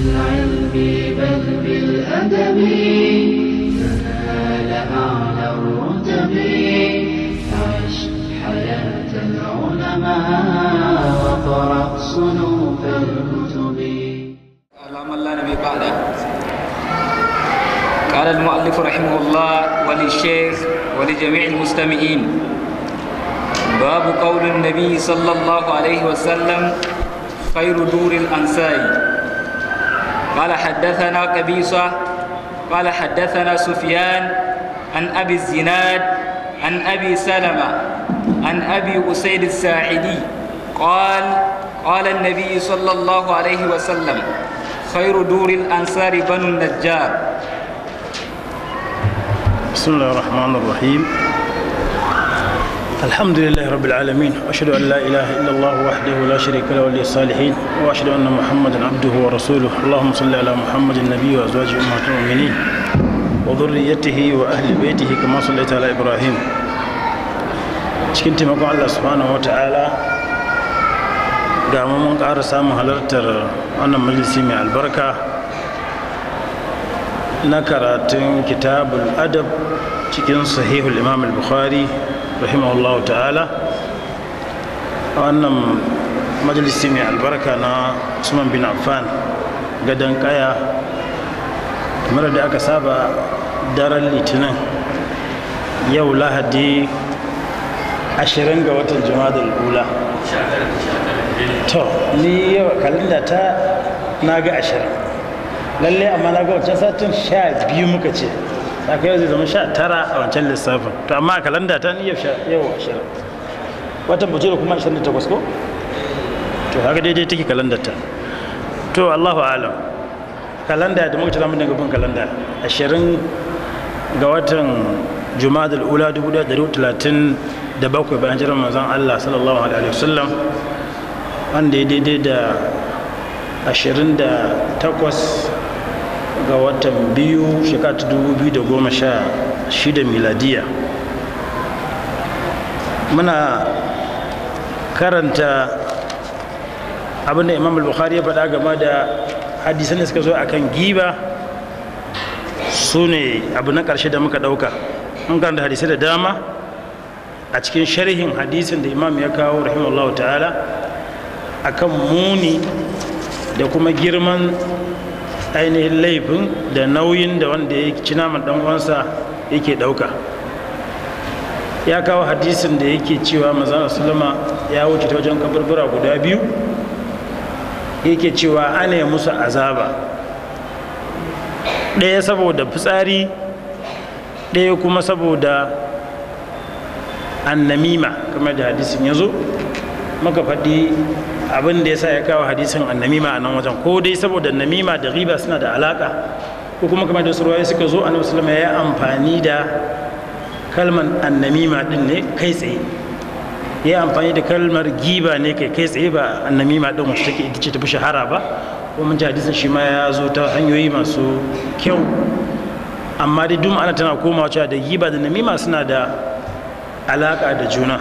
بالعلم بل بالأدب تنال أعلى الرتب عش حياة العلماء وقرأ صنوف الكتب اللهم لا نبي بعده قال المؤلف رحمه الله وللشيخ ولجميع المستمعين باب قول النبي صلى الله عليه وسلم خير دور الأنساي قال حدثنا قبيصة قال حدثنا سفيان عن أبي الزناد عن أبي سلمة عن أبي أسيد الساعدي قال قال النبي صلى الله عليه وسلم خير دور الأنصار بنو النجار بسم الله الرحمن الرحيم الحمد لله رب العالمين واشهد ان لا اله الا الله وحده لا شريك له ولي الصالحين واشهد ان محمدا عبده ورسوله اللهم صل على محمد النبي وازواجه امهات المؤمنين وذريته واهل بيته كما صليت على ابراهيم شكنت taimakon الله سبحانه وتعالى قام منك أرسام هلرتر أنا مجلسي مع البركة نكرت كتاب الأدب شكين صحيح الإمام البخاري rahimahullahu ta'ala a wannan majalisi mai albarka na usman bin affan gadon kaya kamar da aka saba daren litinin yau lahadi 20 ga watan da ula to ni yau kalanda ta na ga 20 lalle amma na ga satin 12 muka ce saka yau zai zama sha tara a wancan lissafin to amma a kalanda ta ni yau ashirin watan da kuma ashirin da takwas ko to haka daidai take kalanda ta to allahu alam kalanda da muka tara mun daga bin kalanda ashirin ga watan juma'a ula dubu da dari talatin da bakwai bayan jiran manzon allah sallallahu alaihi wasallam wanda ya daidai da ashirin da takwas ga watan biyu da goma sha shida miladiya muna karanta abinda imam al-bukhari ya faɗa game da hadisan da suka zo akan giba su ne abu na ƙarshe da muka ɗauka mun karanta hadisai da dama a cikin sharhin hadisin da imam ya kawo rahimallahu ta'ala akan muni da kuma girman ainihin laifin da nauyin da wanda ya ci naman dan uwansa yake dauka ya kawo hadisin da yake cewa manzon sallama ya wuce ta wajen kaburbura guda biyu yake cewa ana yi musu azaba ɗaya saboda fitsari ɗaya kuma saboda annamima kamar da hadisin ya zo maka faɗi abin da ya sa ya kawo hadisin annamima a nan wajen ko dai saboda namima da riba suna da alaka ko kuma kamar da surwaye suka zo annabi sallama ya amfani da kalmar annamima din ne kai tsaye ya amfani da kalmar giba ne kai kai tsaye ba annamima din wacce take ita ce tafi shahara ba ko mun ji hadisin shi ma ya zo ta hanyoyi masu kyau amma dai duk ana tana komawa cewa da giba da namima suna da alaka da juna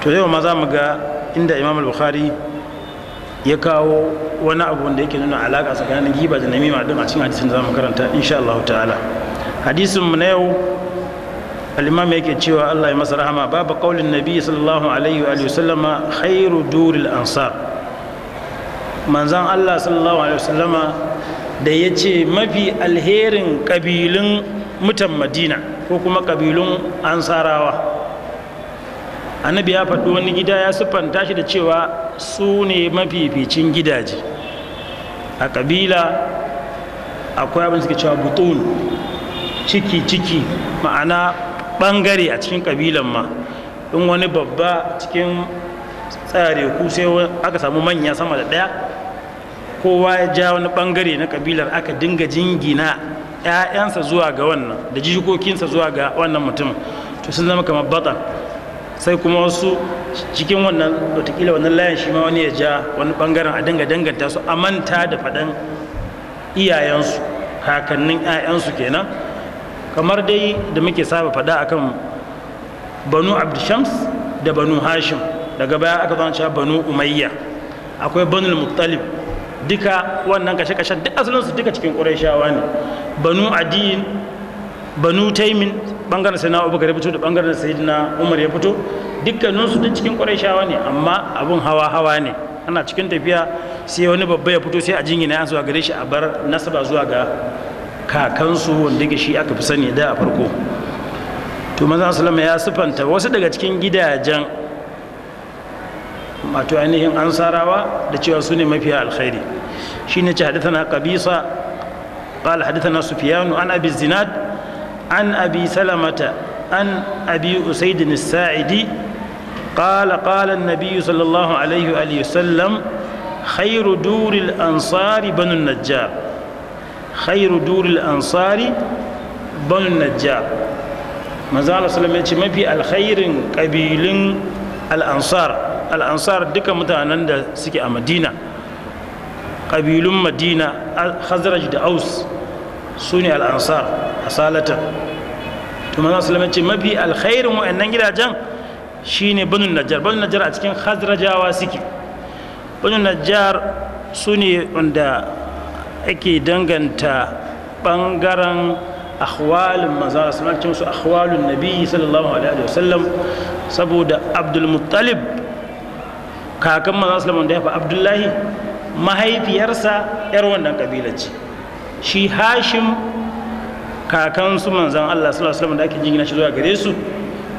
to yau ma za mu ga inda imam al-bukhari ya kawo wani abu da yake nuna alaka tsakanin giba da namima din a cikin hadisin da zamu karanta insha Allah ta'ala hadisin mu na yau al-imam yake cewa Allah ya masa rahama babu qaulin nabi sallallahu alaihi wa sallama khairu duril ansar manzan Allah sallallahu alaihi wa sallama da ya ce mafi alherin kabilun mutan madina ko kuma kabilun ansarawa annabi ya faɗi wani gida ya siffanta shi da cewa su ne mafificin gidaje a ƙabila akwai abin suke cewa butun ciki-ciki ma'ana ɓangare a cikin ƙabilan ma in wani babba cikin tsare ku sai aka samu manya sama da ɗaya kowa ya ja wani ɓangare na ƙabilar aka dinga jingina 'ya'yansa zuwa ga wannan da jikokinsa zuwa ga wannan mutum to sun zama kamar batan sai kuma wasu cikin wannan watakila wannan layan shi ma wani ya ja wani bangaren a dinga danganta su a manta da faɗan iyayensu kakannin 'ya'yansu kenan kamar dai da muke saba faɗa akan banu abdishams da banu hashim daga baya aka zama cewa banu umayya akwai banu muttalib duka wannan kashe kashe duk asalinsu duka cikin ƙurashawa ne banu adiyin banu taimin bangaren sai na abubakar ya fito da bangaren sai na umar ya fito dukkaninsu duk cikin ƙwarai shawa ne amma abun hawa hawa ne ana cikin tafiya sai wani babba ya fito sai a jin ya zuwa gare shi a bar nasaba zuwa ga kakansu wanda gashi aka fi sani da a farko to maza salama ya sifanta wasu daga cikin gidajen wato ainihin ansarawa da cewa su ne mafiya alkhairi shi ne ce hadithana qabisa قال حدثنا سفيان عن ابي الزناد عن أبي سلمة عن أبي أسيد الساعدي قال قال النبي صلى الله عليه وآله وسلم خير دور الأنصار بن النجار خير دور الأنصار بن النجار manzo Allah sallallahu alaihi wasallam mafi alkhairin kabilin al-ansar duka mutanen da suke a Madina kabilun Madina Khazraj da Aus sune al asalatan to manzo sallallahu ce mafi alkhairin wa'annan gidajen shine banu najjar banu najjar a cikin khazrajawa suke banu najjar su ne wanda ake danganta bangaren ahwalin manzo sallallahu alaihi wasallam ahwalun nabi sallallahu alaihi wasallam saboda abdul muttalib kakan manzo sallallahu alaihi wasallam da ya abdullahi mahaifiyarsa yar wannan kabila ce shi hashim kakansu manzan Allah sallallahu alaihi wasallam da ake jingina shi zuwa gare su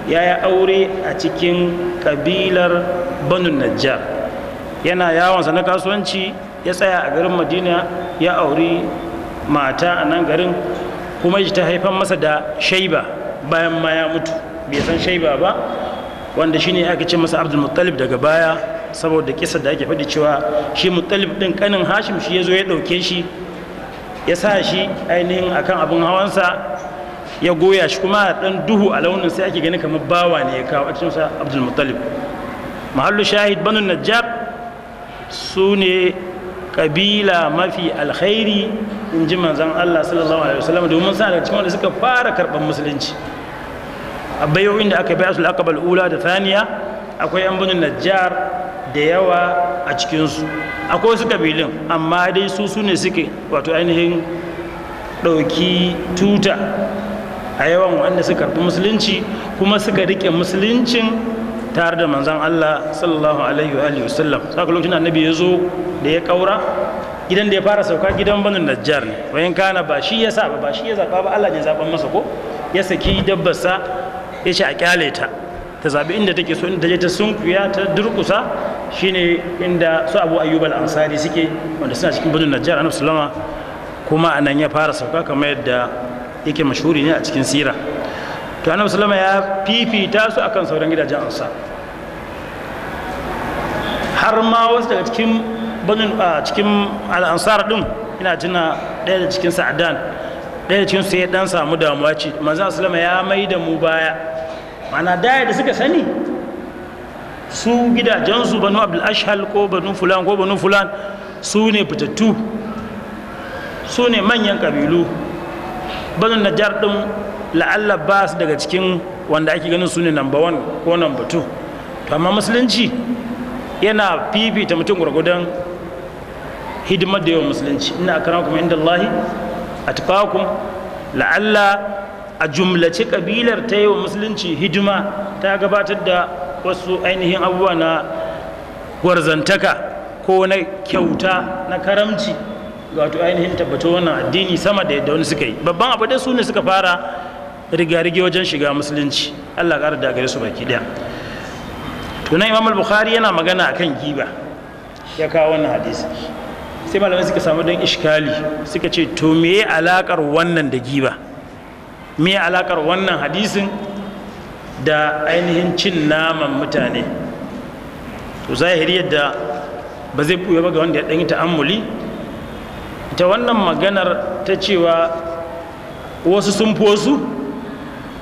ya yi aure a cikin kabilar banu najjar yana yawonsa na kasuwanci ya tsaya a garin madina ya auri mata a nan garin kuma ta haifan masa da shaiba bayan ma ya mutu bai san shaiba ba wanda shine aka ce masa abdul muttalib daga baya saboda kisa da ake faɗi cewa shi muttalib ɗin kanin hashim shi ya zo ya ɗauke shi ya sa shi ainihin akan abin hawansa ya goya shi kuma dan duhu a launin sai ake gani kamar bawa ne ya kawo a cikin sa abdul muttalib mahallu shahid banu najjab su ne kabila mafi alkhairi in ji manzon Allah sallallahu alaihi wasallam domin sa daga cikin wanda suka fara karban musulunci a bayoyin da aka bai asul akabal ula da thaniya akwai yan banu najjar da yawa a cikinsu akwai wasu kabilun amma dai su su ne suke wato ainihin ɗauki tuta a yawan wanda suka karfi musulunci kuma suka rike musuluncin tare da manzan Allah sallallahu alaihi wa sallam saka lokacin annabi ya zo da ya kaura gidan da ya fara sauka gidan banin najjar ne wayan kana ba shi ya saba ba shi ya zaba ba Allah ne zaɓan masa ko ya saki sa ya ce a kyale ta ta zabi inda take so inda ta je ta sunkuya ta durkusa shine inda su abu ayyubal ansari suke wanda suna cikin badun najjar annabi sallama kuma anan ya fara sauka kamar yadda yake mashuri ne a cikin sira to annabi sallama ya fifita su akan sauran gidajen ansa har ma wasu daga cikin a cikin al'ansar din ina jina ɗaya da cikin sa'adan ɗaya da cikin su ya dan samu damuwa ce manzo sallama ya da mu baya mana da da suka sani su gidajensu banu abdul ashal ko banu fulan ko banu fulan su ne fitattu su ne manyan kabilu banu najar ɗin la'alla ba su daga cikin wanda ake ganin su ne number one ko number two to amma musulunci yana fifita mutum gwargwadon hidimar da yawan musulunci ina karan kuma inda Allahi a tufakun la'alla a jumlace kabilar ta yawan musulunci hidima ta gabatar da wasu ainihin abubuwa na gwarzantaka ko na kyauta na karamci wato ainihin tabbatar wannan addini sama da yadda wani suka yi babban abu da su ne suka fara rigarige wajen shiga musulunci allah ƙara da gare su baki ɗaya tunan imam al-bukhari yana magana akan giba ya kawo wannan hadisi sai malamai suka samu don ishkali suka ce to me alakar wannan da giba me alakar wannan hadisin da ainihin cin naman mutane to zahiri yadda ba zai buya ba ga wanda ya ɗanyi ta'ammuli ta wannan maganar ta cewa wasu sun fi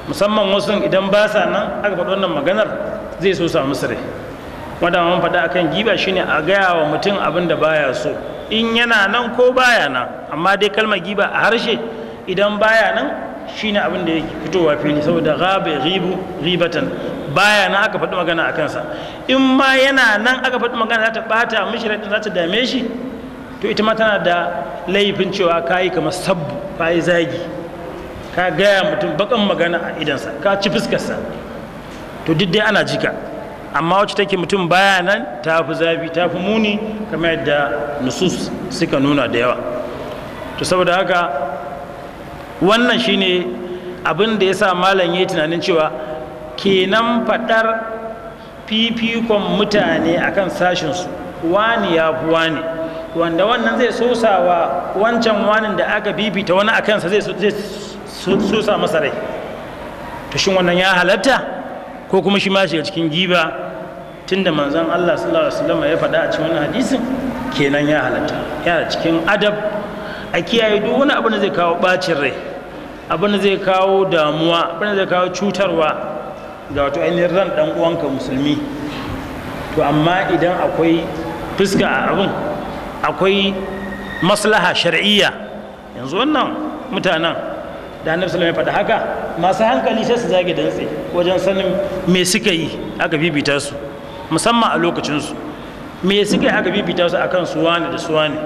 musamman wasu idan ba sa nan aka faɗi wannan maganar zai so samu sire wanda man faɗa akan giba shine a gaya wa mutum abin da baya so in yana nan ko baya nan amma dai kalmar giba a harshe idan baya nan shine abin da yake fitowa fili saboda ghaba ghibu ghibatan baya nan aka faɗi magana a kansa in ma yana nan aka faɗi magana za ta ɓata mishi raɗin za ta dame shi to ita ma tana da laifin cewa ka yi kamar sabbu ka yi zagi ka gaya mutum bakan magana a idansa ka ci fuskarsa to duk dai ana jika amma wacce take mutum baya nan ta fi zafi ta fi muni kamar yadda nusus suka nuna da yawa to saboda haka wannan shine abin da ya sa malam ya yi tunanin cewa kenan faɗar fifikon mutane akan sashensu wani ya fi wani wanda wannan zai sosa wa wancan wanin da aka bibita wani a kansa zai sosa masa rai to shin wannan ya halatta ko kuma shi ma shiga cikin giba tunda manzan Allah sallallahu alaihi wasallam ya faɗa a cikin wani hadisin kenan ya halatta yana cikin adab a kiyaye duk wani abu da zai kawo bacin rai abin da zai kawo damuwa abin da zai kawo cutarwa ga wato ainihin ran dan uwanka musulmi to amma idan akwai fuska a abin akwai maslaha shar'iyya yanzu wannan mutanen da annabi sallallahu ya faɗa haka masu hankali sai su zage dantse wajen sanin me suka yi aka bibita su musamman a lokacin su, me suka yi aka bibita su akan suwane da ne,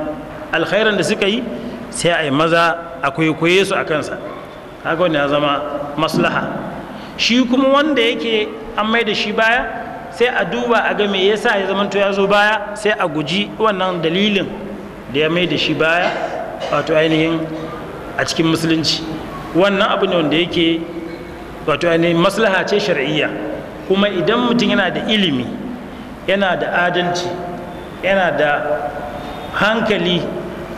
alkhairan da suka yi sai a yi maza a kwaikwaye su a kansa kaga ya zama maslaha shi kuma wanda yake an mai da shi baya sai a duba a ga me yasa ya zamanto ya zo baya sai a guji wannan dalilin da ya mai da shi baya wato ainihin a cikin musulunci wannan abu ne wanda yake wato ainihin maslaha ce shar'iyya kuma idan mutum yana da ilimi yana da adalci yana da hankali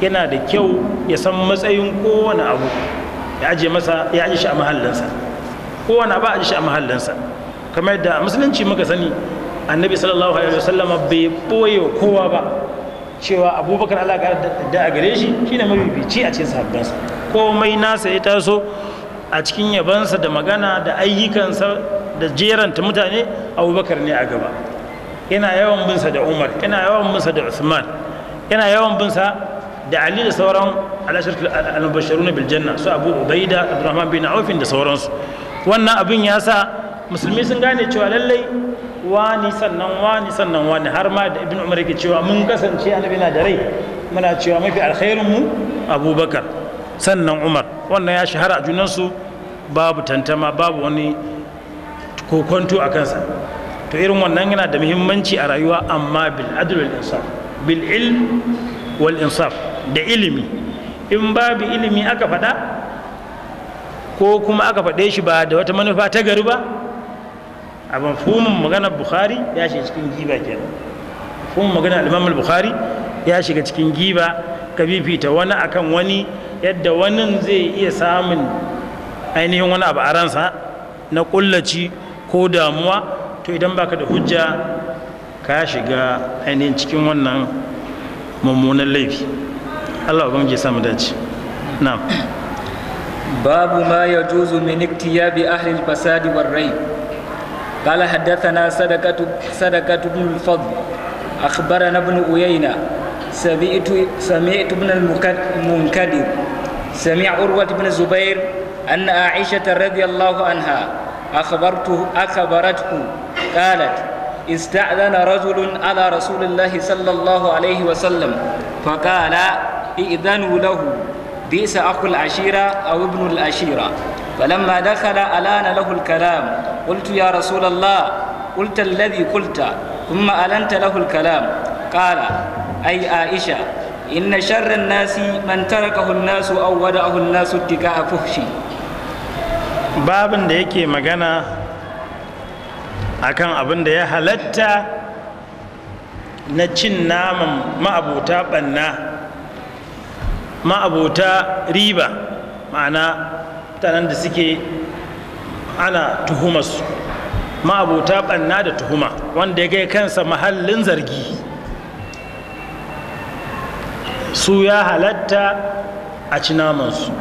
yana da kyau ya san matsayin kowane abu ya aje masa ya aje shi a mahallinsa wani ba aje shi a mahallinsa kamar yadda musulunci muka sani annabi sallallahu alaihi wasallama bai boye kowa ba cewa abubakar allah da a gare shi shine mabibici a cikin sahabbansa komai nasa ya taso a cikin yabansa da magana da ayyukansa da jeranta mutane abubakar ne a gaba yana yawan binsa da umar yana yawan binsa da usman yana yawan binsa da ali da sauran alashar al-mubashiruna bil janna su abu ubaida abdurrahman bin auf da sauransu wannan abin ya sa musulmi sun gane cewa lallai wani sannan wani sannan wani har ma da ibn umar yake cewa mun kasance annabi na da rai muna cewa mafi alkhairin mu abubakar sannan umar wannan ya shahara a junansu babu tantama babu wani kokonto a kansa to irin wannan yana da muhimmanci a rayuwa amma bil adl wal insaf bil ilm wal insaf da ilimi in babu ilimi aka faɗa ko kuma aka faɗe shi ba da wata manufa ta gari ba a mafhumin maganar bukhari ya shiga cikin giba kenan mafhumin maganar imam bukhari ya shiga cikin giba ka bifita wani akan wani yadda wani zai iya samun ainihin wani abu a ransa na kullaci ko damuwa to idan baka da hujja ka shiga ainihin cikin wannan mummunan laifi babu ma ya juzu min bi ahli al-fasad wa rai qala hadathana sadaqatu sadaqatu bin fadl akhbarana ibn uyayna sami'tu sami'tu ibn al-munkadir sami'a zubair أن عائشة رضي الله عنها أخبرته أخبرته قالت استأذن رجل على رسول الله إذنوا له بئس أخو العشيرة أو ابن العشيرة فلما دخل ألان له الكلام قلت يا رسول الله قلت الذي قلت ثم ألنت له الكلام قال أي عائشة إن شر الناس من تركه الناس أو ودعه الناس اتكاء فحشي babin da yake magana akan abin da ya halatta na cin naman ma'abuta banna ma'abota riba ma'ana mutanen da suke ana tuhumarsu ma'abota banna da tuhuma wanda ya gai kansa mahallin zargi su ya halatta a ci su.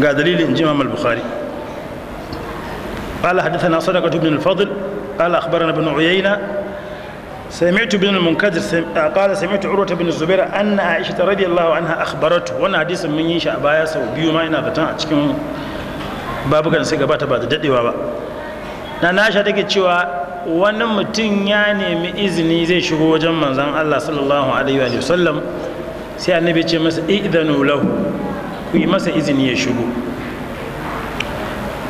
ga dalilin jima al-bukhari قال حدثنا صدقة بن الفضل قال أخبرنا بن عيينة سمعت بن المنكدر سم... آه، قال سمعت عروة بن الزبير أن عائشة رضي الله عنها أخبرته وانا حديث من ينشى أبايا سو بيوما إنا بتان أتشكم أنا كان سيقبات بعد جدي بابا ناشا تكي تشوى ونمتن يعني مئذني زي شهو جمع زم الله صلى الله عليه وآله وسلم سي النبي تشي مس إذنوا له كي مس إذني يشهو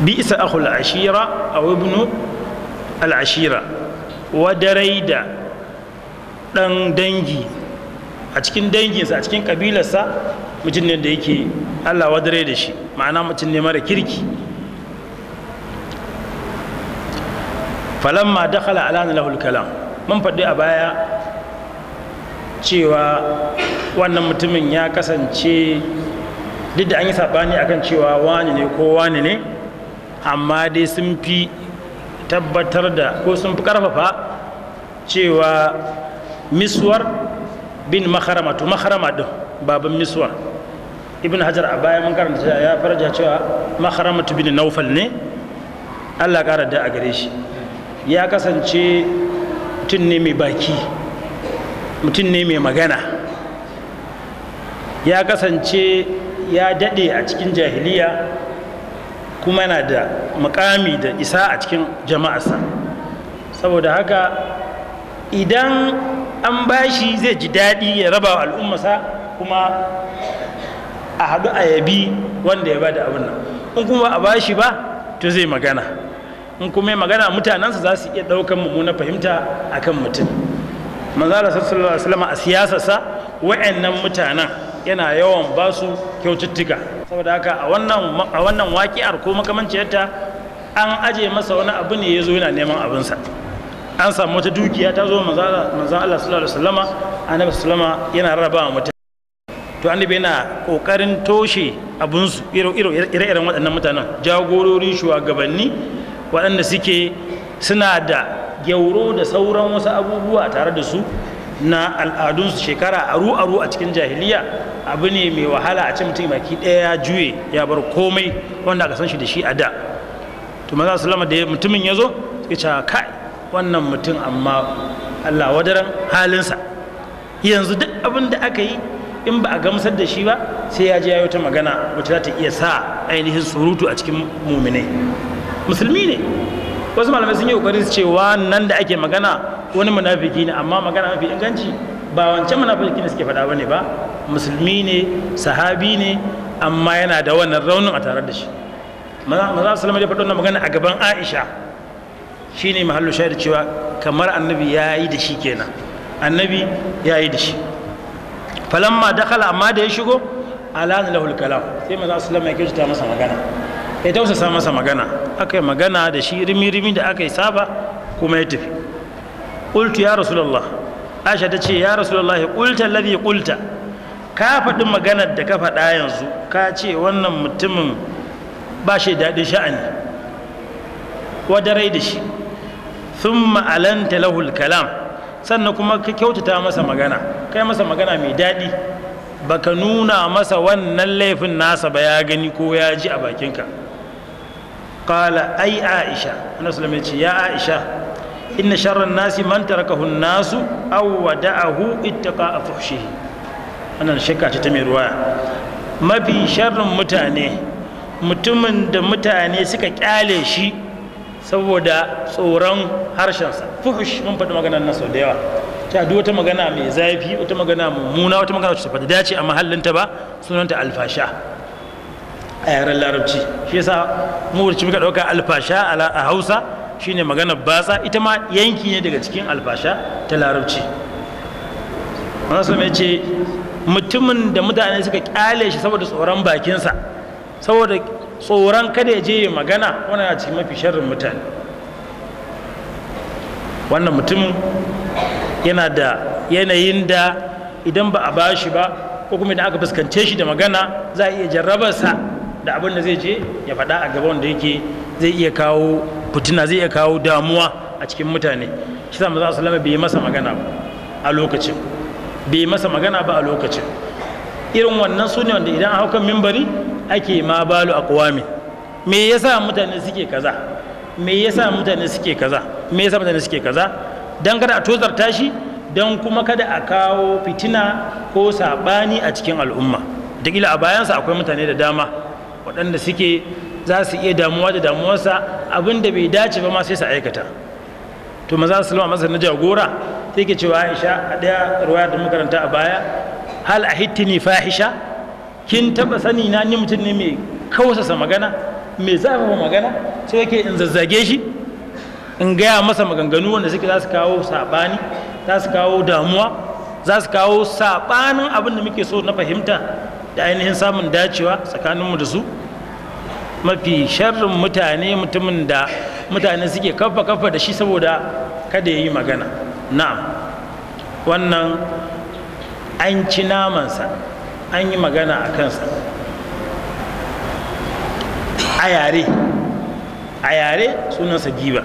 بئس أخو العشيرة أو ابن العشيرة ودريدة ɗan dangi a cikin danginsa a cikin ƙabilarsa mutum ne da yake allah wadare da shi ma'ana mutum ne mara kirki falamma dakhala ala lahul kalam mun faɗi a baya cewa wannan mutumin ya kasance duk da an yi saɓani akan cewa wani ne ko wani ne amma dai sun fi tabbatar da ko sun fi ƙarfafa cewa miswar bin makarama to makarama din baban miswar ibn hajar a bayan mun karanta ya farja cewa tu bin naufal ne allah ƙara da a gare shi ya kasance mutum ne mai baki mutum ne mai magana ya kasance ya daɗe a cikin jahiliya kuma yana da mukami da isa a cikin jama'arsa saboda haka idan an bashi zai ji daɗi ya raba wa al'ummarsa kuma a haɗu a yabi wanda ya bada abin nan in kuma a bashi ba to zai magana in kuma ya magana mutanensa za su iya ɗaukan mummuna fahimta a kan mutum manzala sallallahu alaihi a siyasarsa wa'annan mutanen yana yawan ba su kyaututtuka saboda haka a wannan waƙiyar ko makamanciyarta an aje masa wani abu ne ya zo yana neman abinsa an samu wata dukiya ta zo manzan Allah sallallahu alaihi wasallama annabi sallama yana raba wa to annabi yana kokarin toshe abunsu ire-iren waɗannan mutanen jagorori shugabanni waɗanda suke suna da gyauro da sauran wasu abubuwa tare da su na al'adunsu shekara aru-aru a cikin jahiliya abu ne mai wahala a cikin mutum baki ɗaya ya juye ya bar komai wanda aka san shi da shi a da to maza sallama da mutumin ya zo suke cewa kai wannan mutum amma Allah wadaran halinsa yanzu duk abin da aka yi in ba a gamsar da shi ba sai ya ji ya wata magana wacce za ta iya sa ainihin surutu a cikin muminai musulmi ne wasu malamai sun yi kokarin su wa nan da ake magana wani munafiki ne amma magana mafi inganci ba wancan munafiki ne suke faɗa ne ba musulmi ne sahabi ne amma yana da wannan raunin a tare da shi maza su ya faɗo na magana a gaban aisha shine mahallu shahid cewa kamar annabi ya yi da shi kenan annabi ya yi da shi falamma dakala amma da ya shigo alani lahul kalam sai maza sallallahu alaihi wasallam ya masa magana ya tausasa masa magana aka yi magana da shi rimi rimi da aka yi saba kuma ya tafi ƙultu ya rasulullah aisha ta ce ya ya ƙulta lafi ya ƙulta ka faɗi maganar da ka faɗa yanzu ka ce wannan mutumin ba shi daɗin sha'ani wadarai da shi Sun alanta lahul kalam sannan kuma ka kyautata masa magana kai masa magana mai daɗi baka nuna masa wannan laifin nasa ba ya gani ko ya ji a bakinka qala ai aisha annabi sallallahu alaihi ya aisha inna sharran nasi man tarakahu nasu aw wada'ahu ittaqa fuhshihi wannan shakka ce ta mai ruwaya mafi sharrin mutane mutumin da mutane suka kyale shi saboda tsoron harshensa fuhush mun faɗi maganar nan sau da yawa ta duk wata magana mai zafi wata magana mummuna wata magana ta da dace a ta ba sunanta alfasha a yaren larabci shi yasa mu wurci muka ɗauka alfasha a hausa shine magana batsa ita ma yanki ne daga cikin alfasha ta larabci manasa mai ce mutumin da mutane suka kyale shi saboda tsoron bakinsa saboda tsoron kada ya je ya magana wani a cikin mafi sharrin mutane wannan mutum yana da yanayin da idan ba a bashi ba ko kuma idan aka fuskance shi da magana za a iya jarrabarsa da abin da zai je ya faɗa a gaba wanda yake zai iya kawo fitina zai iya kawo damuwa a cikin mutane shi sa maza asalama bai masa magana ba a lokacin bai masa magana ba a lokacin irin wannan su ne wanda idan a haukan mimbari ake ma balu aqwami me yasa mutane suke kaza me yasa mutane suke kaza me yasa mutane suke kaza Don kada a tozarta shi Don kuma kada a kawo fitina ko sabani a cikin al'umma ila a bayansa akwai mutane da dama waɗanda suke za su iya damuwa da damuwarsa abinda bai dace ba ma sai su aikata to maza su lama masa na jagora sai ke cewa aisha a ɗaya ruwa da makaranta a baya hal a hittini fahisha kin taba sani na ni mutum ne mai kausasa magana mai zafafa magana sai yake in zazzage shi in gaya masa maganganu wanda suke za su kawo sabani za su kawo damuwa za su kawo saɓanin abin da muke so na fahimta da ainihin samun dacewa tsakaninmu da su mafi sharrin mutane mutumin da mutane suke kafa kafa da shi saboda kada ya yi magana Na wannan an ci namansa an yi magana a kansa a yare a yare sunansa giba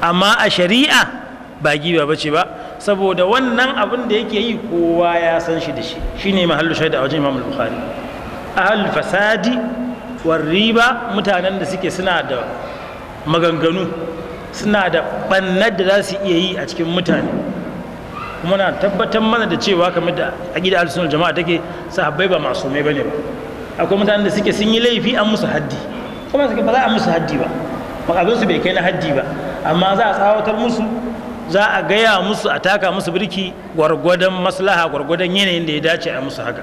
amma a shari'a ba giba ba ce ba saboda wannan abin da yake yi kowa ya san shi da shi Shi shine mahallu shaida a wajen imam al-bukhari ahal fasadi war riba mutanen da suke suna da maganganu suna da bannar da za su iya yi a cikin mutane kuma na tabbatar mana da cewa kamar da aqida al-sunnah jama'a take sahabbai ba masumai bane ba akwai mutanen da suke sun yi laifi an musu haddi kuma suke ba za a musu haddi ba abin su bai kai na haddi ba amma za a tsawatar musu za a gaya musu a taka musu birki gwargwadon maslaha gwargwadon yanayin da ya dace a musu haka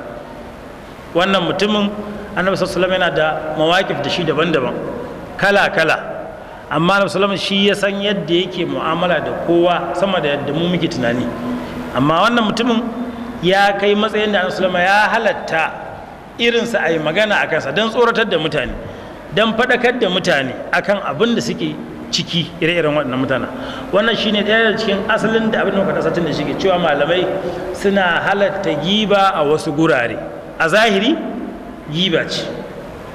wannan mutumin annabi sallallahu yana da mawakif da shi daban-daban kala-kala amma annabi sallallahu shi ya san yadda yake mu'amala da kowa sama da yadda mu muke tunani amma wannan mutumin ya kai matsayin da annabi ya halatta irinsa a yi magana a kansa don tsoratar da mutane don faɗakar da mutane akan abin da suke ciki ire-iren waɗannan mutane wannan ne ɗaya cikin asalin da abin da muka satin da shige cewa malamai suna halatta giba a wasu gurare a zahiri giba ce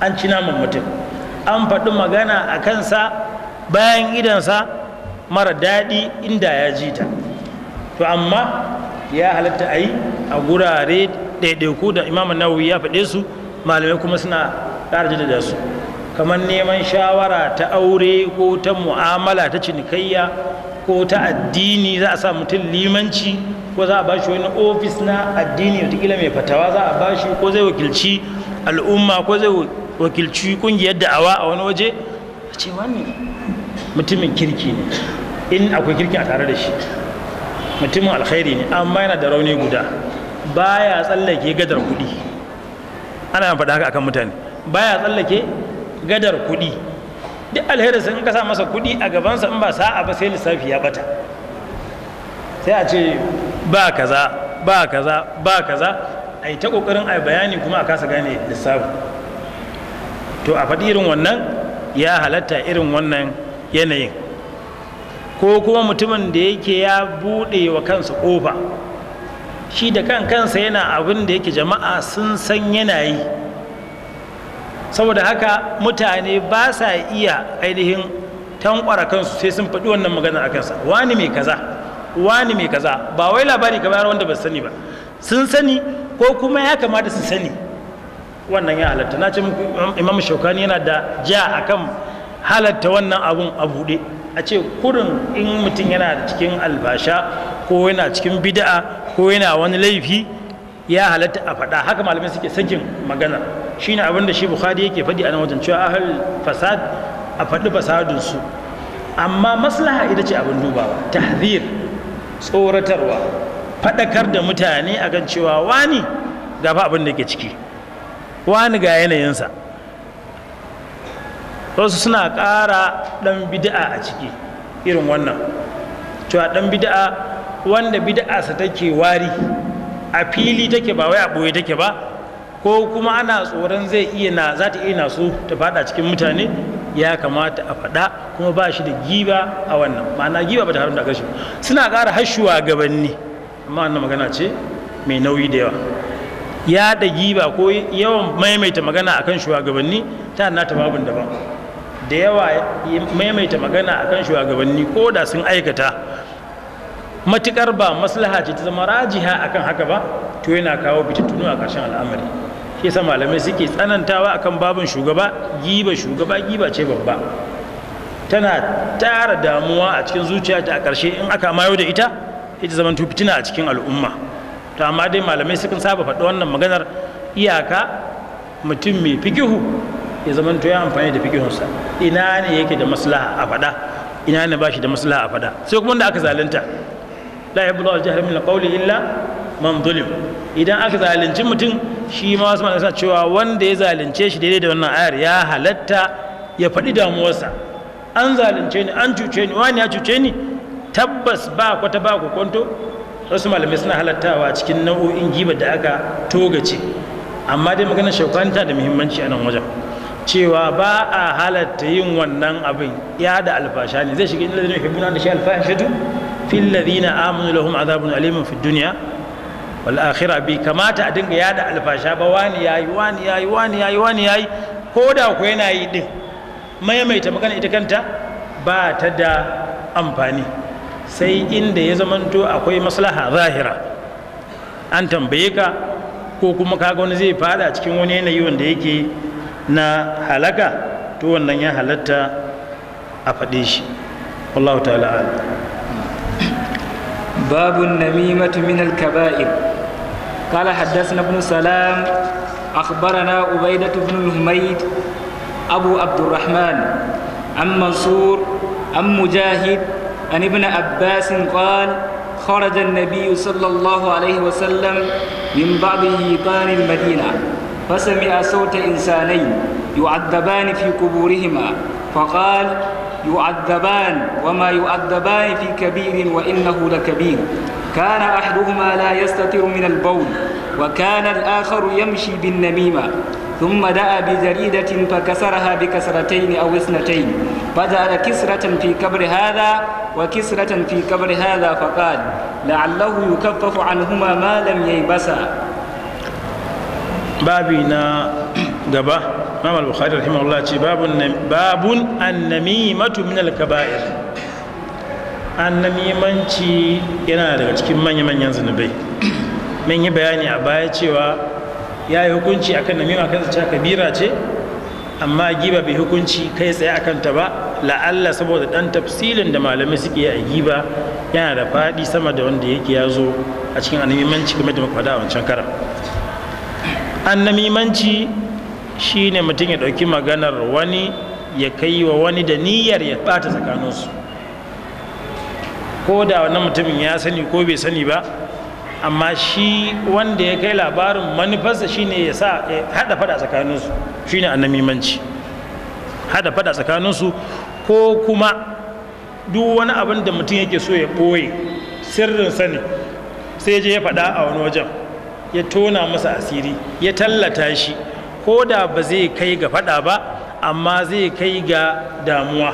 an ci naman mutum an faɗi magana a kansa bayan idansa mara daɗi inda ya ji ta to amma ya halatta a yi a gurare ɗaiɗaiku da imam nawawi ya faɗe su malamai kuma suna ƙara da su kamar neman shawara ta aure ko ta mu'amala ta cinikayya ko ta addini za a sa mutum limanci ko za a ba shi wani ofis na addini kila mai fatawa za a ba shi ko zai wakilci al'umma ko zai wakilci kungiyar da'awa a wani waje a ce wani mutumin kirki ne in akwai kirki a tare da shi mutumin alkhairi ne amma yana da rauni guda baya tsallake gadar kuɗi ana faɗa haka akan mutane baya tsallake gadar kuɗi duk alheri sun kasa sa masa kuɗi a gabansa in ba sa'a ba sai lissafi ya bata sai a ce ba kaza ba kaza ba kaza a yi ta ƙoƙarin a bayani kuma a kasa gane lissafi to a faɗi irin wannan ya halatta irin wannan yanayin ko kuma mutumin da yake ya buɗe wa kansa ƙofa shi da kan kansa yana abin da yake jama'a sun san yana yi saboda haka mutane ba sa iya ainihin tankwara kansu sai sun faɗi wannan magana a kansa wani mai kaza wani mai kaza ba wai labari ka bayar wanda ba sani ba sun sani ko kuma ya kamata su sani wannan ya halatta na ce imam shaukani yana da ja akan halatta wannan abun a buɗe a ce kurin in mutum yana cikin albasha ko yana cikin bida'a ko yana wani laifi ya halatta a faɗa haka malamai suke sakin magana shine abin da shi bukhari yake faɗi a nan wajen cewa ahal fasad a faɗi fasadunsu amma maslaha ita ce abin dubawa tahzir tsoratarwa faɗakar da mutane a kan cewa wani ga abin da ke ciki wani ga yanayinsa wasu suna ƙara dan bid'a a ciki irin wannan cewa dan bid'a wanda sa take wari a fili take ba wai a ɓoye take ba ko kuma ana tsoron zai iya na za ta iya so ta faɗa cikin mutane ya kamata a faɗa kuma ba shi da giba a wannan ma'ana giba ba ta haramta kashi suna ƙara hashuwa gabanni amma wannan magana ce mai nauyi da yawa ya da giba ko yawan maimaita magana akan shugabanni ta na ta babun daban da yawa maimaita magana a kan shugabanni ko da sun aikata matukar ba maslaha ce ta zama rajiha akan haka ba to yana kawo fitattunu a ƙarshen al'amari shi yasa malamai suke tsanantawa akan babin shugaba giba shugaba giba ce babba tana tara damuwa a cikin zuciya ta a ƙarshe in aka mayo da ita ita zaman fitina a cikin al'umma to amma dai malamai sukan saba faɗi wannan maganar iyaka mutum mai fikihu ya zamanta to ya amfani da fikihunsa ina ne yake da maslaha a faɗa ina ne ba shi da maslaha a faɗa sai kuma da aka zalunta la yablu al jahl min qawli illa man zulim idan aka zalunci mutum shi ma wasu malamai cewa wanda ya zalunce shi daidai da wannan ayar ya halatta ya faɗi damuwarsa an zalunce ni an cuce ni wani ya cuce ni tabbas ba kwata ba ku kwanto wasu malamai suna halattawa cikin nau'o'in giba da aka togace amma dai maganar shaukanta da muhimmanci a nan wajen cewa ba a halatta yin wannan abin ya da alfasha ne zai shiga inda zai fi muna da shi alfashatu fil ladina amanu lahum azabun alimun fi duniya. wal akhirah bi kamata a dinga ya da alfasha ba wani yayi wani yayi wani yayi wani yayi ko da ku yana yi din maimaita magana ita kanta ba ta da amfani sai inda ya zamanto akwai maslaha zahira an tambaye ka ko kuma kaga wani zai fada cikin wani yanayi wanda yake na halaka to wannan ya halatta a fade shi wallahu ta'ala باب النميمة من الكبائر قال حدثنا ابن سلام أخبرنا عبيدة بن الهميد أبو عبد الرحمن عن منصور عن مجاهد عن ابن عباس قال خرج النبي صلى الله عليه وسلم من بعض هيطان المدينة فسمع صوت إنسانين يعذبان في قبورهما فقال يعذبان وما يعذبان في كبير وإنه لكبير كان أحدهما لا يستتر من البول وكان الآخر يمشي بالنميمة ثم دعا بجريدة فكسرها بكسرتين أو اثنتين فجعل كسرة في قبر هذا وكسرة في قبر هذا فقال لعله يكفف عنهما ما لم ييبسا babi na gaba imam al-bukhari rahimahullah ce babun annamimatu min al-kaba'ir annamimanci yana daga cikin manya-manyan zunubai Min yi bayani a baya cewa ya yi hukunci akan namima kan ta kabira ce amma giba bai hukunci kai tsaye akan ta ba la'alla saboda dan tafsilin da malamai suke yi a giba yana da faɗi sama da wanda yake ya zo a cikin annamimanci game da makwada a wancan karan annamimanci shine mutum ya ɗauki maganar wani ya kai wa wani da niyyar ya ɓata tsakaninsu ko da wannan mutumin ya sani ko bai sani ba amma shi wanda ya kai labarin manufarsa shine ya sa haɗa faɗa tsakaninsu shine annamimanci haɗa faɗa tsakaninsu ko kuma duk wani abin da mutum yake so ya ɓoye sirrin sani sai je ya faɗa a wani wajen ya tona masa asiri ya tallata shi ko da ba zai kai ga fada ba amma zai kai ga damuwa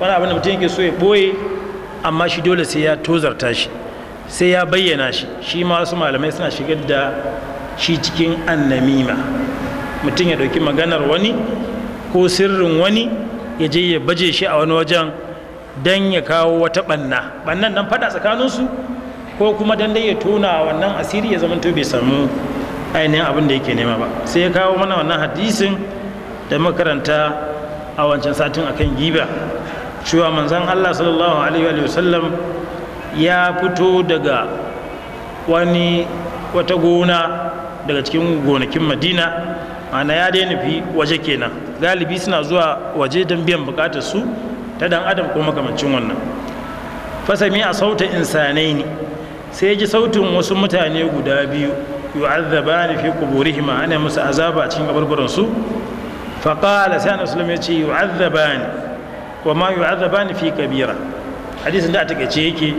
wani abin da mutum yake so ya boye amma shi dole sai ya tozarta shi sai ya bayyana shi shi ma wasu malamai suna shigar da shi cikin annamima mutum ya ɗauki maganar wani ko sirrin wani ya je ya baje shi a wani wajen don ya kawo wata ɓanna ɓannan nan faɗa tsakaninsu ko kuma dan dai ya tona wannan asiri ya zamanto bai samu ainihin abin da yake nema ba sai ya kawo mana wannan hadisin da makaranta a wancan satin akan giba cewa manzon Allah sallallahu alaihi wa sallam ya fito daga wani wata gona daga cikin gonakin madina ana ya dai nufi waje kenan galibi suna zuwa waje don biyan bukatar su ta dan adam ko makamancin wannan fasami a sauta insanai ne sai ji sautin wasu mutane guda biyu ni fi quburihim ana musu azaba a cikin gabarbaransu faƙala fa qala sai annabi ce alaihi wasallam ya ce ni. wa ma ni fi kabira hadisun da a takaice yake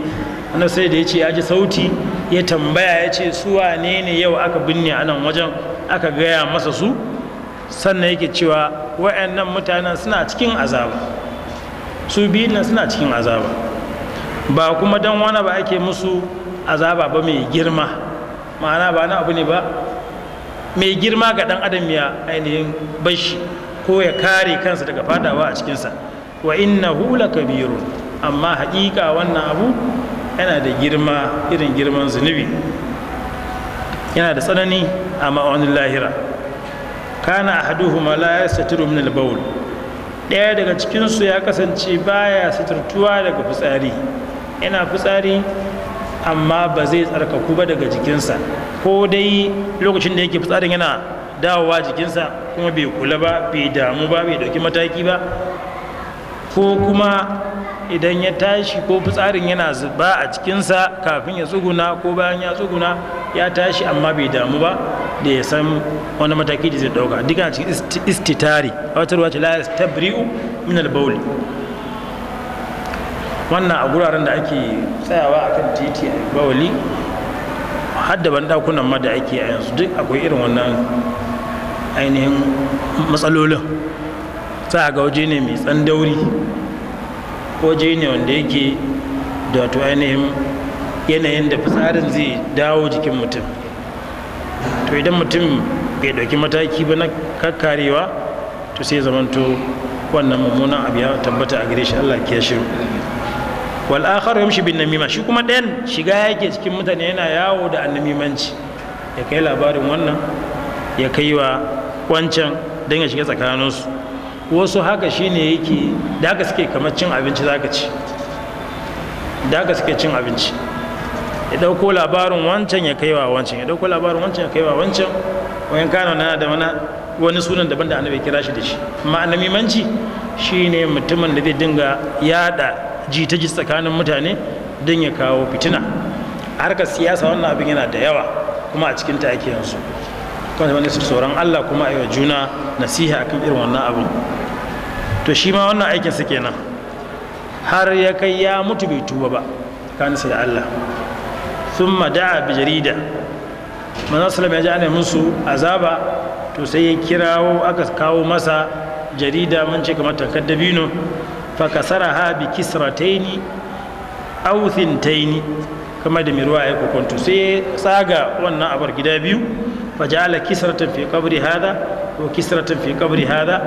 annabi sai da ya ce ya ji sauti ya tambaya ya ce su wane ne yau aka binne a nan wajen aka gaya masa su sannan yake cewa wa'annan mutanen suna cikin azaba su biyu nan suna cikin azaba ba kuma dan wani ba ake musu azaba ba mai girma ma'ana ba na abu ne ba mai girma ga dan adam ya ainihin bashi ko ya kare kansa daga fadawa a cikinsa wa hula Kabiru amma haƙiƙa wannan abu yana da girma irin girman zunubi yana da tsanani a ma'aunin lahira kana ahaduhuma la saturu min al ɗaya daga cikinsu ya kasance baya suturtuwa daga fitsari yana fitsari amma ba zai tsarkaku ba daga jikinsa ko dai lokacin da yake fitsarin yana dawowa jikinsa kuma bai kula ba bai damu ba bai dauki mataki ba ko kuma idan ya tashi ko fitsarin yana zuba a cikinsa kafin ya tsuguna ko bayan ya tsuguna ya tashi amma bai damu ba da ya san wani mataki da zai dauka duka cikin istitari a wata ruwa ce la'ayar tabri'u min bauli wannan a guraren da ake tsayawa kan titi a bawali hadda ban dakunan ma da ake a yanzu duk akwai irin wannan ainihin matsalolin ta ga waje ne mai tsandauri waje ne wanda yake da wato ainihin yanayin da fitsarin zai dawo jikin mutum to idan mutum bai ɗauki mataki ba na kakkarewa to sai zamanto wannan mummunan abu ya tabbata a gare shi allah ke shiru wal akhar yamshi bin namima shi kuma ɗayan shiga yake cikin mutane yana yawo da annamimanci ya kai labarin wannan ya kai wa wancan don ya shiga tsakaninsu wasu haka shine yake da ka suke kamar cin abinci zaka ci da ka suke cin abinci ya ɗauko labarin wancan ya kai wa wancan ya ɗauko labarin wancan ya kai wa wancan wani kano na da wani sunan daban da annabi kira shi da shi amma annamimanci shine mutumin da zai dinga yada jita ji tsakanin mutane don ya kawo fitina harkar siyasa wannan abin yana da yawa kuma a cikin ta yansu yanzu kuma wani su tsoron Allah kuma a yi wa juna nasiha akan irin wannan abin to shi ma wannan aikin sa kenan har ya kai ya mutu bai tuba ba kan sai Allah ma da'a bi jarida manzo sallallahu ya ji musu azaba to sai ya kirawo aka kawo masa jarida mun ce kamar takaddabino fakasaraha bi kisrataini aw thintaini Kama da mai ruwa ya kokonto sai ya tsaga wannan abar gida biyu fajala kisratan fi kabri hada. ko kisratan fi qabri hada.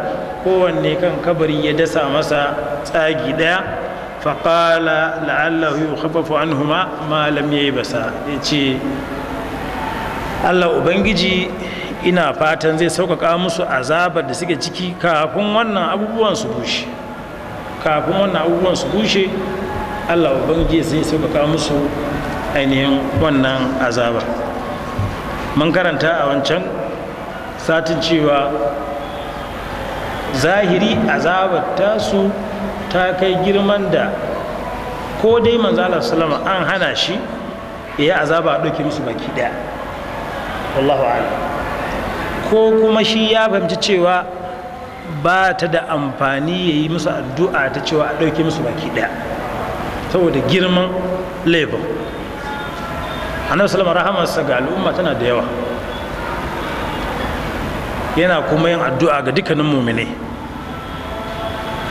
kowanne kan kabari ya dasa masa tsagi daya faƙala la'allahu yukhaffafu anhuma ma lam basa yace Allah ubangiji ina fatan zai sauƙaƙa musu azabar da suke ciki kafin wannan abubuwan su bushe kafin wannan abubuwan su bushe allah ubangiji zai sauƙaƙa musu ainihin wannan azaba mun karanta a wancan satin cewa zahiri azabar tasu ta kai girman da ko dai manzala salama an hana shi ya azaba a ɗauke musu baki ɗaya wallahu ko kuma shi ya fahimci cewa ba ta da amfani ya yi musu addu'a ta cewa a ɗauki musu baki ɗaya saboda girman laifin annabi salama rahamarsa ga al'umma tana da yawa yana kuma yin addu'a ga dukkanin mumine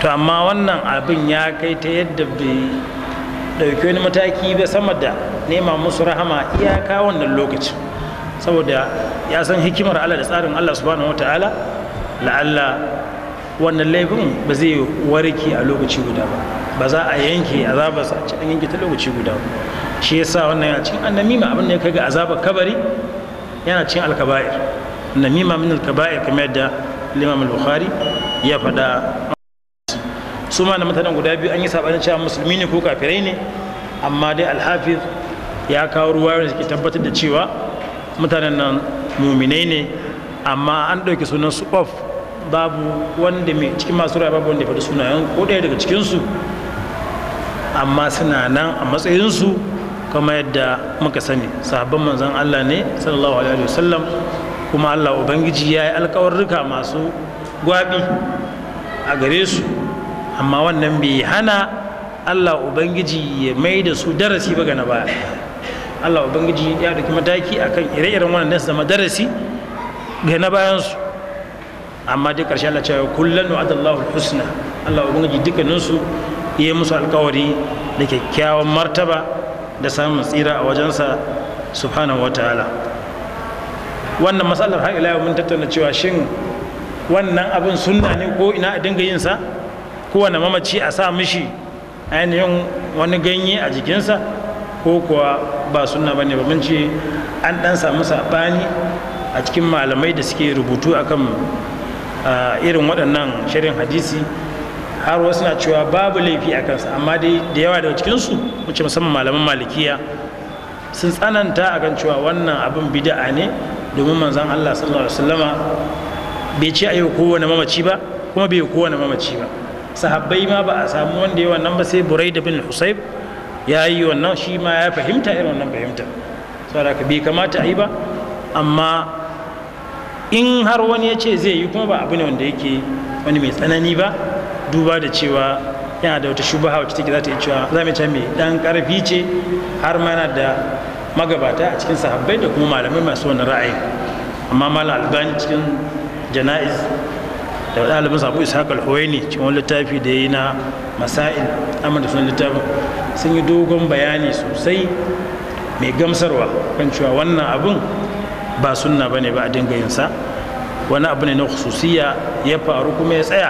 to amma wannan abin ya kai ta yadda bai ɗauki wani mataki bai sama da nema musu rahama iyaka wannan lokacin saboda ya san hikimar allah da tsarin allah subhanahu wa ta'ala la'alla wannan laifin ba zai warke a lokaci guda ba ba za a yanke azabar sa a yanke ta lokaci guda ba shi yasa wannan ya cikin annamima abin da ya kai ga azabar kabari yana cikin alkaba'ir namima min alkaba'ir kamar yadda limam al-bukhari ya faɗa su ma na mutanen guda biyu an yi sabanin cewa musulmi ne ko kafirai ne amma dai alhafiz ya kawo ruwa da suke tabbatar da cewa mutanen nan muminai ne amma an ɗauki sunan su off babu wanda mai cikin masu raya babu wanda ya faɗi sunayen ko ɗaya daga cikinsu amma suna nan a matsayinsu kama yadda muka sani sahabban manzan Allah ne sallallahu alaihi wasallam kuma Allah ubangiji ya yi alkawarruka masu gwabi a gare su amma wannan bai hana Allah ubangiji ya mai da su darasi ba na baya Allah ubangiji ya ɗauki mataki akan ire-iren wannan zama darasi ga na bayansu amma duk ƙarshe Allah cewa kullun wa'adallahu husna Allah ubangiji dukkanin su yi musu alƙawari da kyakkyawan martaba da samun tsira a wajensa subhanahu wataala wannan matsalar har ila mun tattauna cewa shin wannan abin sunna ne ko ina a dinga yin sa kowane mamaci a sa mishi ainihin wani ganye a jikinsa ko kuwa ba sunna bane ba mun ce an dan samu sabani a cikin malamai da suke rubutu akan A irin waɗannan shirin hadisi har wasu na cewa babu laifi a kansa amma dai da yawa daga cikinsu wuce musamman malaman malikiya sun tsananta a kan cewa wannan abin bida'a ne domin manzan Allah sallallahu alaihi wasallama bai ce a yi kowane mamaci ba kuma bai kowane mamaci ba sahabbai ma ba a samu wanda ya wannan ba sai burai da bin husayb ya yi wannan shi ma ya fahimta irin wannan fahimta saboda ka bai kamata a yi ba amma in har wani ya ce zai yi kuma ba abu ne wanda yake wani mai tsanani ba duba da cewa yana da wata shubaha wacce take za ta yi cewa za mu ce mai dan karfi ce har mana da magabata a cikin sahabbai da kuma malamai masu wani ra'ayi amma malam albani cikin jana'iz da ɗalibin sabu ishaq al-huwaini cikin wani littafi da yi na masail amma da sunan littafin sun yi dogon bayani sosai mai gamsarwa kan cewa wannan abun ba sunna bane ba a dinga yin sa wani abu ne na khususiya ya faru kuma ya tsaya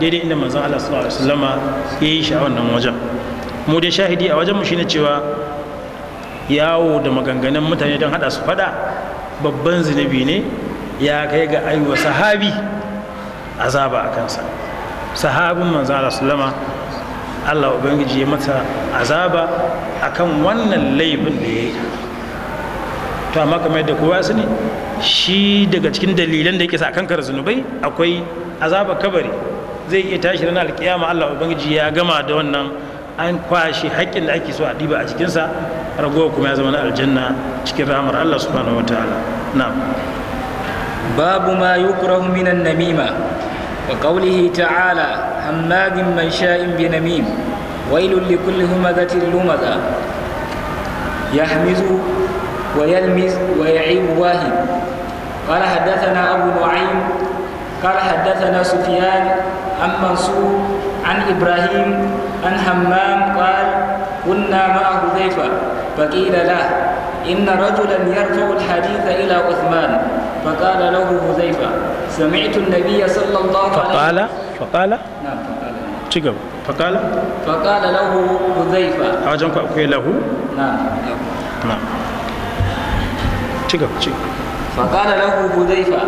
daidai inda manzon Allah sallallahu alaihi wasallama ya yi shi a wannan wajen mu dai shahidi a wajen mu shine cewa yawo da maganganun mutane don hada su fada babban zinabi ne ya kai ga aiwa sahabi azaba a kansa sahabin manzon Allah sallama Allah ubangiji ya mata azaba akan wannan laifin da ya yi to amma kamar yadda kowa su ne shi daga cikin dalilan da yake sa kankar zunubai akwai azabar kabari zai iya tashi ranar alkiyama Allah ubangiji ya gama da wannan an kwashi haƙƙin da ake so a ɗiba a cikinsa ragowa kuma ya zama na aljanna cikin ramar Allah subhanahu wataala na'am babu ma yukrahu minan namima wa qawlihi ta'ala hammadin man sha'in bi namim wailul likulli humazatin lumaza yahmizu ويلمز ويعيب واهب قال حدثنا أبو نعيم قال حدثنا سفيان عن منصور عن إبراهيم عن همام قال كنا مع حذيفة فقيل له إن رجلا يرفع الحديث إلى عثمان فقال له حذيفة سمعت النبي صلى الله عليه وسلم فقال فقال نعم فقال فقال فقال له حذيفة أعجبك أقول له نعم نعم cigaba cigaba faƙaɗa na hudu zai fa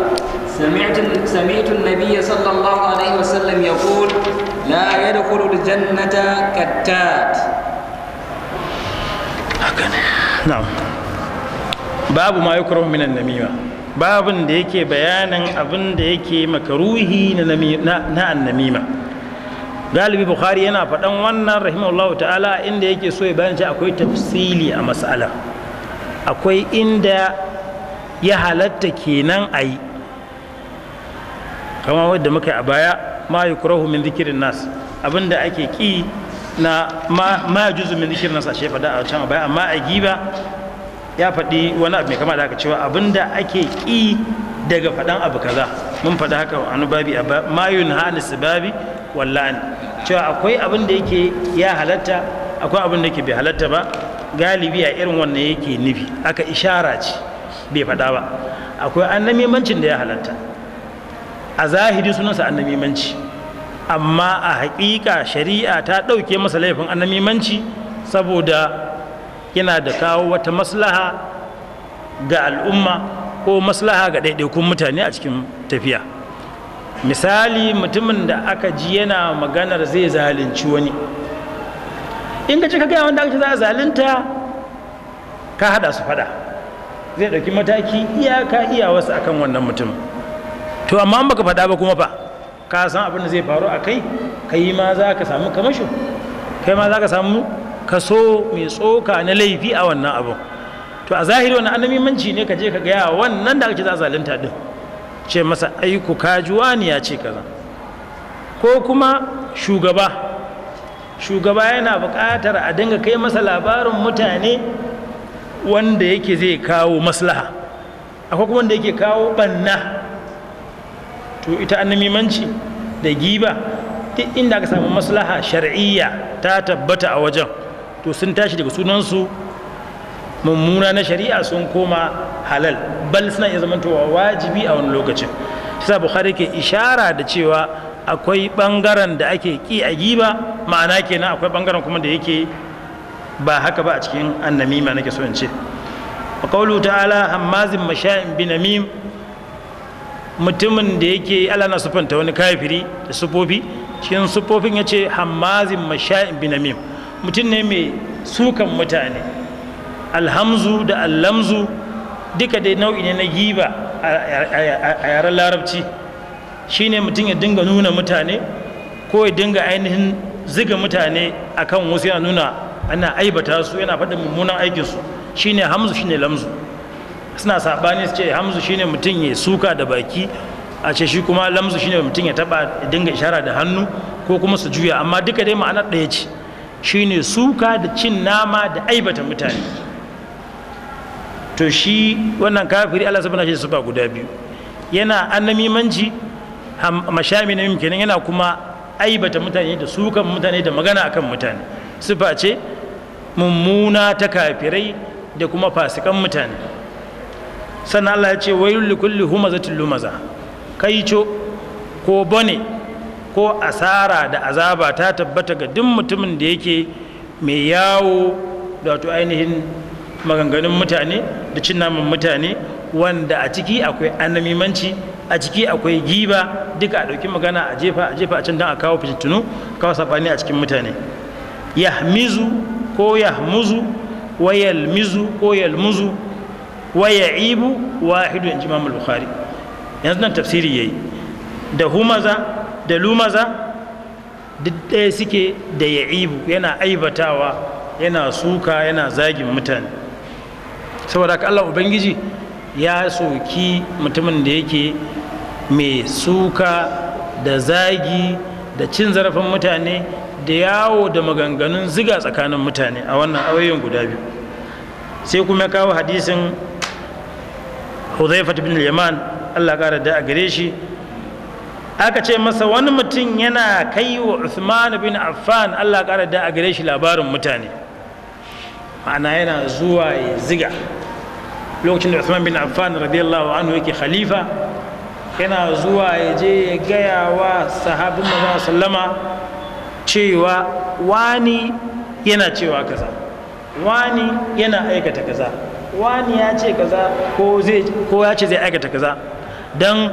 samitun na biya sallallahu alaihi wasallam ya ya da kuɗi da jannata ƙattat haka ne na babu ma yi kurawa na miya babin da yake bayanin abin da yake makaruhi na annamima galibi bukhari yana faɗan wannan rahimahullahu ta'ala inda yake so ya bayanci akwai tafsiri a matsala akwai inda ya halatta kenan a yi kama wadda muka yi a baya ma yi kurahu min zikirin nas abinda ake ki na ma juzu min zikirin nas a shefa da a can a baya amma a giba ya faɗi wani abu mai kama da aka cewa abinda ake ki daga faɗan abu kaza mun faɗi haka wani babi a baya ma yun halis babi wallani cewa akwai abin da yake ya halatta akwai abin da yake bai halatta ba galibi a irin wannan yake nufi aka ishara ce bai faɗa ba akwai annamimancin da ya halatta a zahiri sunansa annamimanci amma a haƙiƙa shari'a ta ɗauke masa laifin annamimanci saboda yana da kawo wata maslaha ga al'umma ko maslaha ga ɗaiɗaikun mutane a cikin tafiya misali mutumin da aka ji yana maganar zai zalunci wani in ka ce ka gaya wanda aka ce za a zalunta ka haɗa su faɗa zai ɗauki mataki iyaka iyawarsa akan wannan mutum to amma baka faɗa ba kuma fa ka san abin da zai faru a kai kai ma za ka samu kai ma za ka samu kaso mai tsoka na laifi a wannan abu to a zahiri wani manci ne ka je ka gaya wannan da ake za a zalunta din ce masa aiku kajuwa ni ya ce kaza ko kuma shugaba shugaba yana buƙatar a dinga kai masa labarin mutane wanda yake zai kawo maslaha akwai kuma wanda yake kawo banna to ita annamimanci da giba duk inda aka samu maslaha shar'iyya ta tabbata a wajen to sun tashi daga sunansu mummuna na shari'a sun koma halal bal suna iya zamantowa wajibi a wani lokacin sa bukhari ke ishara da cewa akwai bangaren da ake ki a giba ma'ana kenan akwai bangaren kuma da yake ba haka ba a cikin annamima nake so in ce wa qawlu ta'ala hammazin masha'in namim mutumin da yake Allah na sufanta wani kafiri da sufofi cikin sufofin ya ce hammazin masha'in namim mutum ne mai sukan mutane alhamzu da allamzu duka dai nau'i ne na giba a yaren larabci shine mutum ya dinga nuna mutane ko ya dinga ainihin ziga mutane akan wasu yana nuna ana aibata su yana faɗin mummunan aikinsu shine hamzu shine lamzu suna saɓani su ce hamzu shine mutum ya suka da baki a ce shi kuma lamzu shine mutum ya taɓa dinga ishara da hannu ko kuma su juya amma duka dai ma'ana ɗaya ce shine suka da cin nama da aibata mutane to shi wannan kafiri Allah shi su ba guda biyu yana annamimanci mashami na kenan yana kuma aibata mutane da sukan mutane da magana akan mutane sifa ce mummuna ta kafirai da kuma fasikan mutane sannan Allah ya ce wailul likulli humazatil lumaza kaico ko bone ko asara da azaba ta tabbata ga duk mutumin da yake mai yawo da wato ainihin maganganun mutane da cin namun mutane wanda a ciki akwai annamimanci a ciki akwai giba duka a ɗauki magana a jefa a jefa a can don a kawo fitinu kawo safani a cikin mutane yahmizu ko yahmuzu wa yalmizu ko yalmuzu wa ya'ibu wahidu in ji imam bukhari yanzu nan tafsiri yayi da humaza da lumaza duk ɗaya suke da ya'ibu yana aibatawa yana suka yana zagin mutane saboda haka Allah ubangiji ya soki mutumin da yake mai suka da zagi da cin zarafin mutane da yawo da maganganun ziga tsakanin mutane a wannan auyen guda biyu sai kuma ya kawo hadisin huzaifat bin Yaman Allah kara da a gare shi aka ce masa wani mutum yana kai wa usman bin Affan Allah kara da a gare shi labarin mutane ma'ana yana zuwa ya ziga lokacin da usman bin Affan radiyallahu anhu yake khalifa yana zuwa ya je ya gaya wa sahabin mazan sallama cewa wani yana cewa kaza wani yana aikata kaza wani ya ce kaza ko ya ce zai aikata kaza don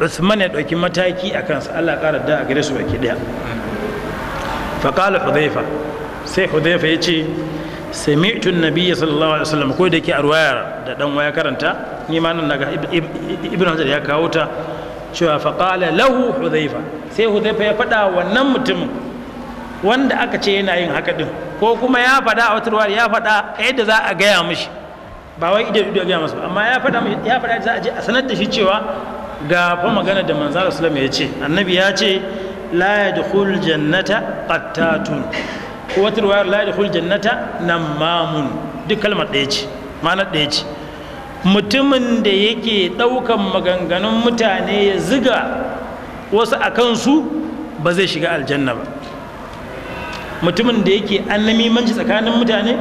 usman ya ɗauki mataki a kansa allah ƙara da a gare su baki ɗaya faƙala hudhaifa sai hudhaifa ya ce sami'tu Nabiya sallallahu alaihi wasallam ko da yake a ruwayar da dan waya karanta ni ma nan daga ibn hajar ya kawo ta cewa faƙala lahu hudhaifa sai hudhaifa ya faɗa wannan mutumin wanda aka ce yana yin haka din ko kuma ya faɗa a wata ya faɗa a yadda za a gaya mishi ba wai ido ido gaya masu amma ya faɗa ya faɗa za a je a sanar da shi cewa ga fa magana da manzo sallallahu ya ce annabi ya ce la yadkhul jannata qattatun ko wata la yadkhul jannata namamun duk kalmar ɗaya ce ma'anar ɗaya ce mutumin da yake ɗaukan maganganun mutane ya ziga wasu a kansu ba zai shiga aljanna ba mutumin da yake annamimanci tsakanin mutane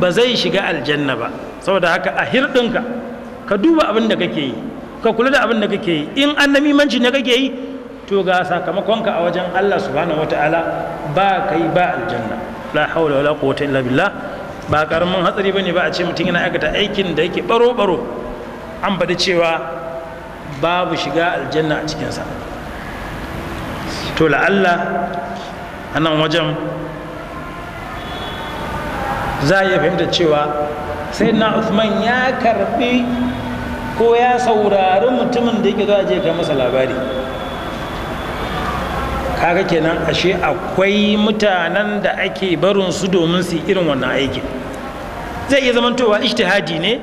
ba zai shiga aljanna ba saboda haka a hirɗinka ka duba abin da kake yi ka kula da abin da kake yi in annamimanci ne kake yi to ga sakamakonka a wajen Allah subhanahu wataala ba kai ba aljanna la hawla wala quwwata illa billah ba karamin hatsari bane ba a ce mutum yana aikata aikin da yake baro baro an bada cewa babu shiga aljanna a cikinsa to la'alla a nan wajen za a iya fahimta cewa sai na Usman ya karbi ko ya saurari mutumin da yake zuwa je ga masa labari kaga kenan ashe akwai mutanen da ake barin su domin su irin wannan aiki. zai iya zamantowa ijtihadi ne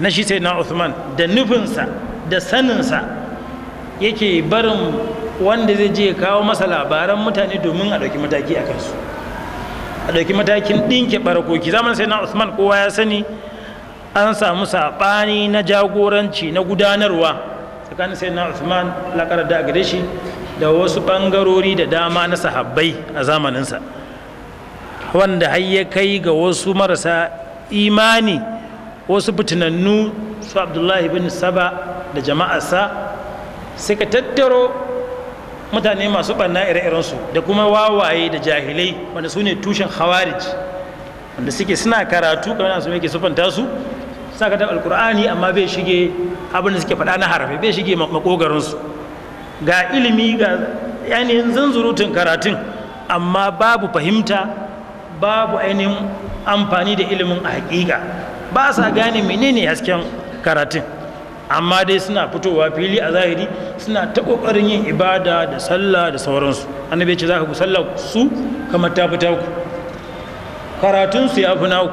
na shi sai na Usman da nufinsa da saninsa yake barin wanda zai je kawo masa labaran mutane domin a ɗauki mataki a kansu a ɗauki matakin ɗinke ɓarakoki zaman sai na usman kowa ya sani an samu saɓani na jagoranci na gudanarwa tsakanin sai na usman lakar da gare shi da wasu ɓangarori da dama na sahabbai a zamaninsa wanda har ya kai ga wasu marasa imani wasu fitinannu su abdullahi bin saba da jama'arsa suka tattaro mutane masu ɓanna ire iren su da kuma wawaye da jahilai wanda su ne tushen khawarij wanda suke suna karatu kamar su yake sufanta su suna katar alkur'ani amma bai shige abin da suke faɗa na harafi bai shige makogarinsu ga ilimi ga ainihin zanzurutun karatun amma babu fahimta babu ainihin amfani da ilimin a hakika ba sa gane menene hasken karatun amma dai suna fitowa fili a zahiri suna ta kokarin yin ibada da sallah da sauransu annabi ce za ku sallah su kamar ta fita ku karatun su ya fi naku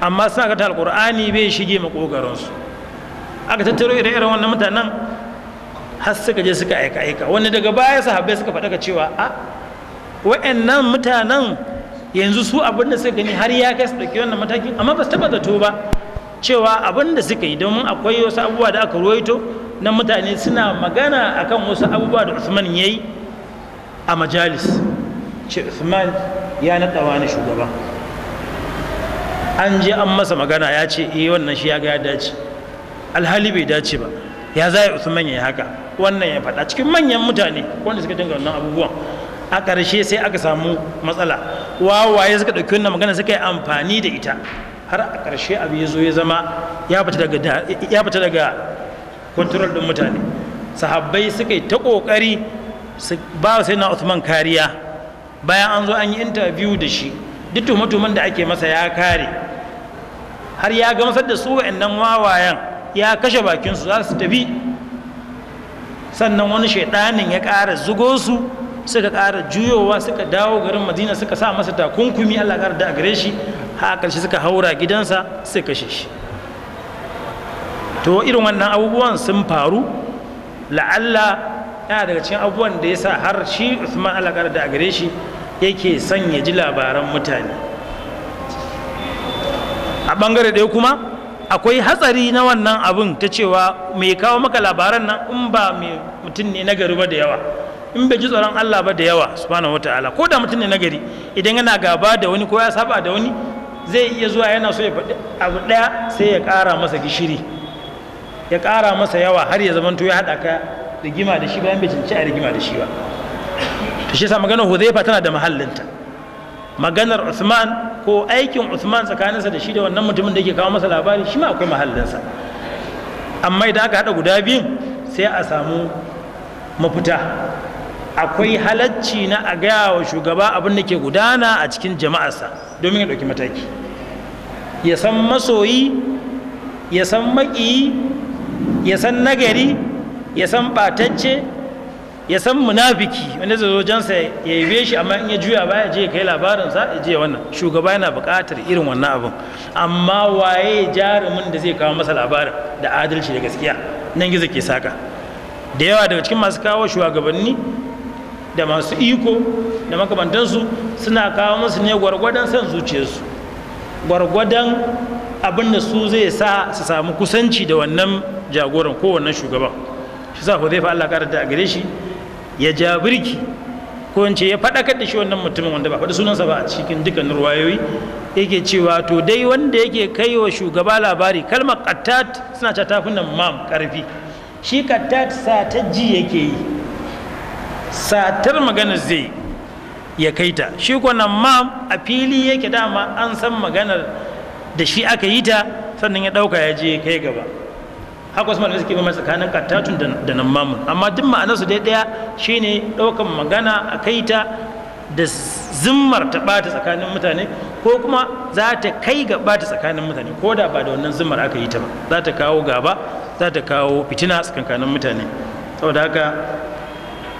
amma suna kata alkur'ani bai shige makogaran su aka tattaro ire-iren wannan mutanen har suka je suka aika aika wanda daga baya sahabbai suka faɗa ka cewa a wa'annan mutanen yanzu su abin suka gani har ya kai su ɗauki wannan matakin amma ba su taɓa zato ba cewa abin da suka yi domin akwai wasu abubuwa da aka ruwaito na mutane suna magana akan wasu abubuwa da usman ya yi a majalis ce Usman ya naɗa wani shugaba an je an masa magana ya ce iya eh, wannan shi ya ga ya dace alhali bai dace ba ya za usman ya yi haka wannan ya faɗa cikin manyan mutane wanda suka dinga wannan abubuwan a ƙarshe sai aka samu matsala wawaye suka ɗauki wannan magana suka yi amfani da ita har a ƙarshe abu ya zo ya zama ya fita daga kwantarar ɗin mutane sahabbai suka yi ta ƙoƙari ba sai na Usman kariya bayan an zo an yi interview da shi duk tuhumatuhuman da ake masa ya kare har ya gamsar da su wa'annan wawayen ya kashe bakinsu za su tafi sannan wani shaidanin ya ƙara zugo su suka ƙara juyowa suka dawo garin madina suka sa masa takunkumi allah ƙara da gare shi ƙarshe suka haura gidansa suka kashe shi to irin wannan abubuwan sun faru la'alla yana daga cikin abubuwan da ya sa har shi usman allah ƙara da gare shi yake son ya ji labaran mutane a ɓangare ɗaya kuma akwai hatsari na wannan abin ta cewa mai kawo maka labaran nan in ba mutum ne na gari ba da yawa in bai ji tsoron Allah ba da yawa subhanahu wataala ko da mutum ne nagari idan yana gaba da wani ko ya saba da wani zai iya zuwa yana so ya faɗi abu ɗaya sai ya ƙara masa gishiri ya ƙara masa yawa har ya zamanto ya haɗa ka rigima da shi ba bai cinci a rigima da shi ba to shi yasa maganar huzaifa tana da mahallinta maganar Usman ko aikin Usman tsakaninsa da shi da wannan mutumin da yake kawo masa labari shi ma akwai mahallinsa amma idan aka haɗa guda biyun sai a samu mafita akwai halacci na a gaya wa shugaba abin da ke gudana a cikin jama'arsa domin ya ɗauki mataki ya san masoyi ya san maƙiyi ya san nagari ya san ɓatacce ya san munafiki wanda zai zo jansa ya yi shi amma in ya juya baya je kai labarinsa ya je wannan shugaba yana buƙatar irin wannan abin amma waye jarumin da zai kawo masa labarin da adalci da gaskiya nan gizo ke saka da yawa daga cikin masu kawo shugabanni da masu iko da makamantansu suna kawo musu ne gwargwadon son zuciyarsu gwargwadon abin da su zai sa su samu kusanci da wannan jagoran ko wannan shugaban shi sa hudaifa Allah ƙara da gare shi ya ja birki ko in ce ya faɗakar da shi wannan mutumin wanda ba faɗi sunansa ba a cikin dukkanin ruwayoyi yake cewa to dai wanda yake kai wa shugaba labari kalmar kattat suna ta tafin nan mam ƙarfi shi kattat sa ta ji yake yi satar maganar zai ya kai ta shi kwanan ma a fili yake dama an san maganar da shi aka yi ta sannan ya ɗauka ya je kai gaba haka wasu malamai suke bambam tsakanin kattatun da nan mamun amma duk ma'anarsu dai ɗaya shine ɗaukan magana a kai ta da zimmar ta ɓata tsakanin mutane ko kuma za ta kai ga ɓata tsakanin mutane ko da ba da wannan zimmar aka yi ta ba za ta kawo gaba za ta kawo fitina tsakankanin mutane saboda haka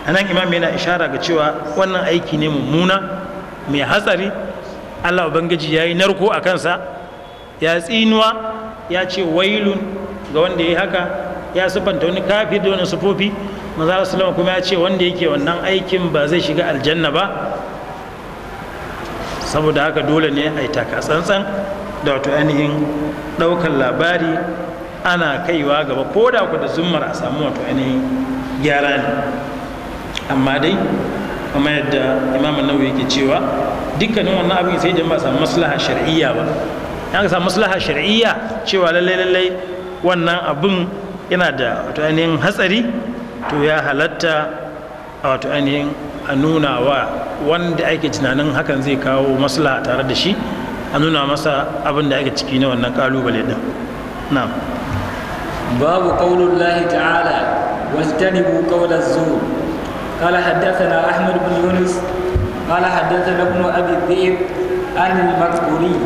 Anan imam yana ishara ga cewa wannan aiki ne mummuna mai hatsari allah ubangiji ya yi narko a kansa ya tsinuwa ya ce wailun ga wanda ya yi haka ya siffanta wani kafi da wani sufofi maza salama kuma ya ce wanda yake wannan aikin ba zai shiga aljanna ba saboda haka dole ne a yi taka tsantsan da wato ainihin ɗaukar labari ana kaiwa gaba ko da ku da zummar a samu wato ainihin gyara ne amma dai kamar yadda imam nawawi yake cewa dukkanin wannan abin sai idan ba samu maslaha shar'iyya ba an samu maslaha shar'iyya cewa lallai lallai wannan abin yana da wato ainihin hatsari to ya halatta a wato ainihin a nuna wa wanda ake tunanin hakan zai kawo maslaha tare da shi a nuna masa abin da ake ciki na wannan kalubale din na'am babu qaulullahi ta'ala wastanibu qawlaz zur قال حدثنا أحمد بن يونس قال حدثنا ابن أبي الذئب عن المذكوري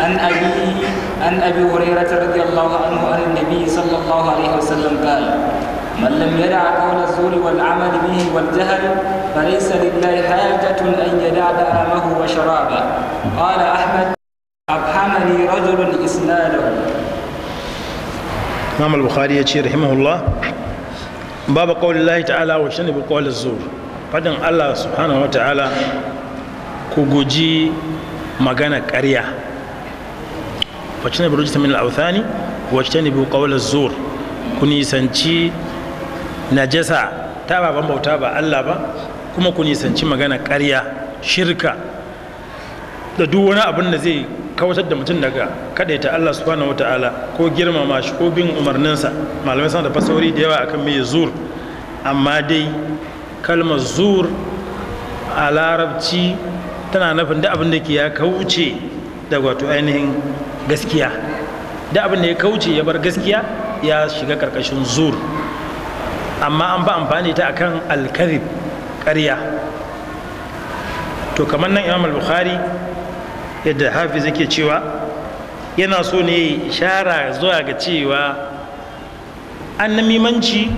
عن أبيه عن أبي هريرة رضي الله عنه عن النبي صلى الله عليه وسلم قال من لم يدع قول الزور والعمل به والجهل فليس لله حاجة أن يدع دعامه وشرابه قال أحمد أبحمني رجل إسناده نعم البخاري رحمه الله babu lahi ta'ala wa shi bi kawai zur fadin Allah subhanahu ta'ala ku guji magana ƙarya ne bi rujita min al-awthani wa bi kawai zur ku nisanci najasa ta baban bauta ba Allah ba kuma ku nisanci magana karya shirka da duk wani abin da zai kawatar da mutum daga kadaita Allah subhanahu wata'ala ko girmama shi ko bin umarninsa malamai sana da fasawari da yawa akan mai zur amma dai kalmar zur a larabci tana nufin da abin da ke ya kauce da wato ainihin gaskiya da abin da ya kauce ya bar gaskiya ya shiga karkashin zur amma an ba amfani ta akan alkarib karya to kamar nan imam al-bukhari yadda hafiz yake cewa yana so ne shara zuwa ga cewa mimanci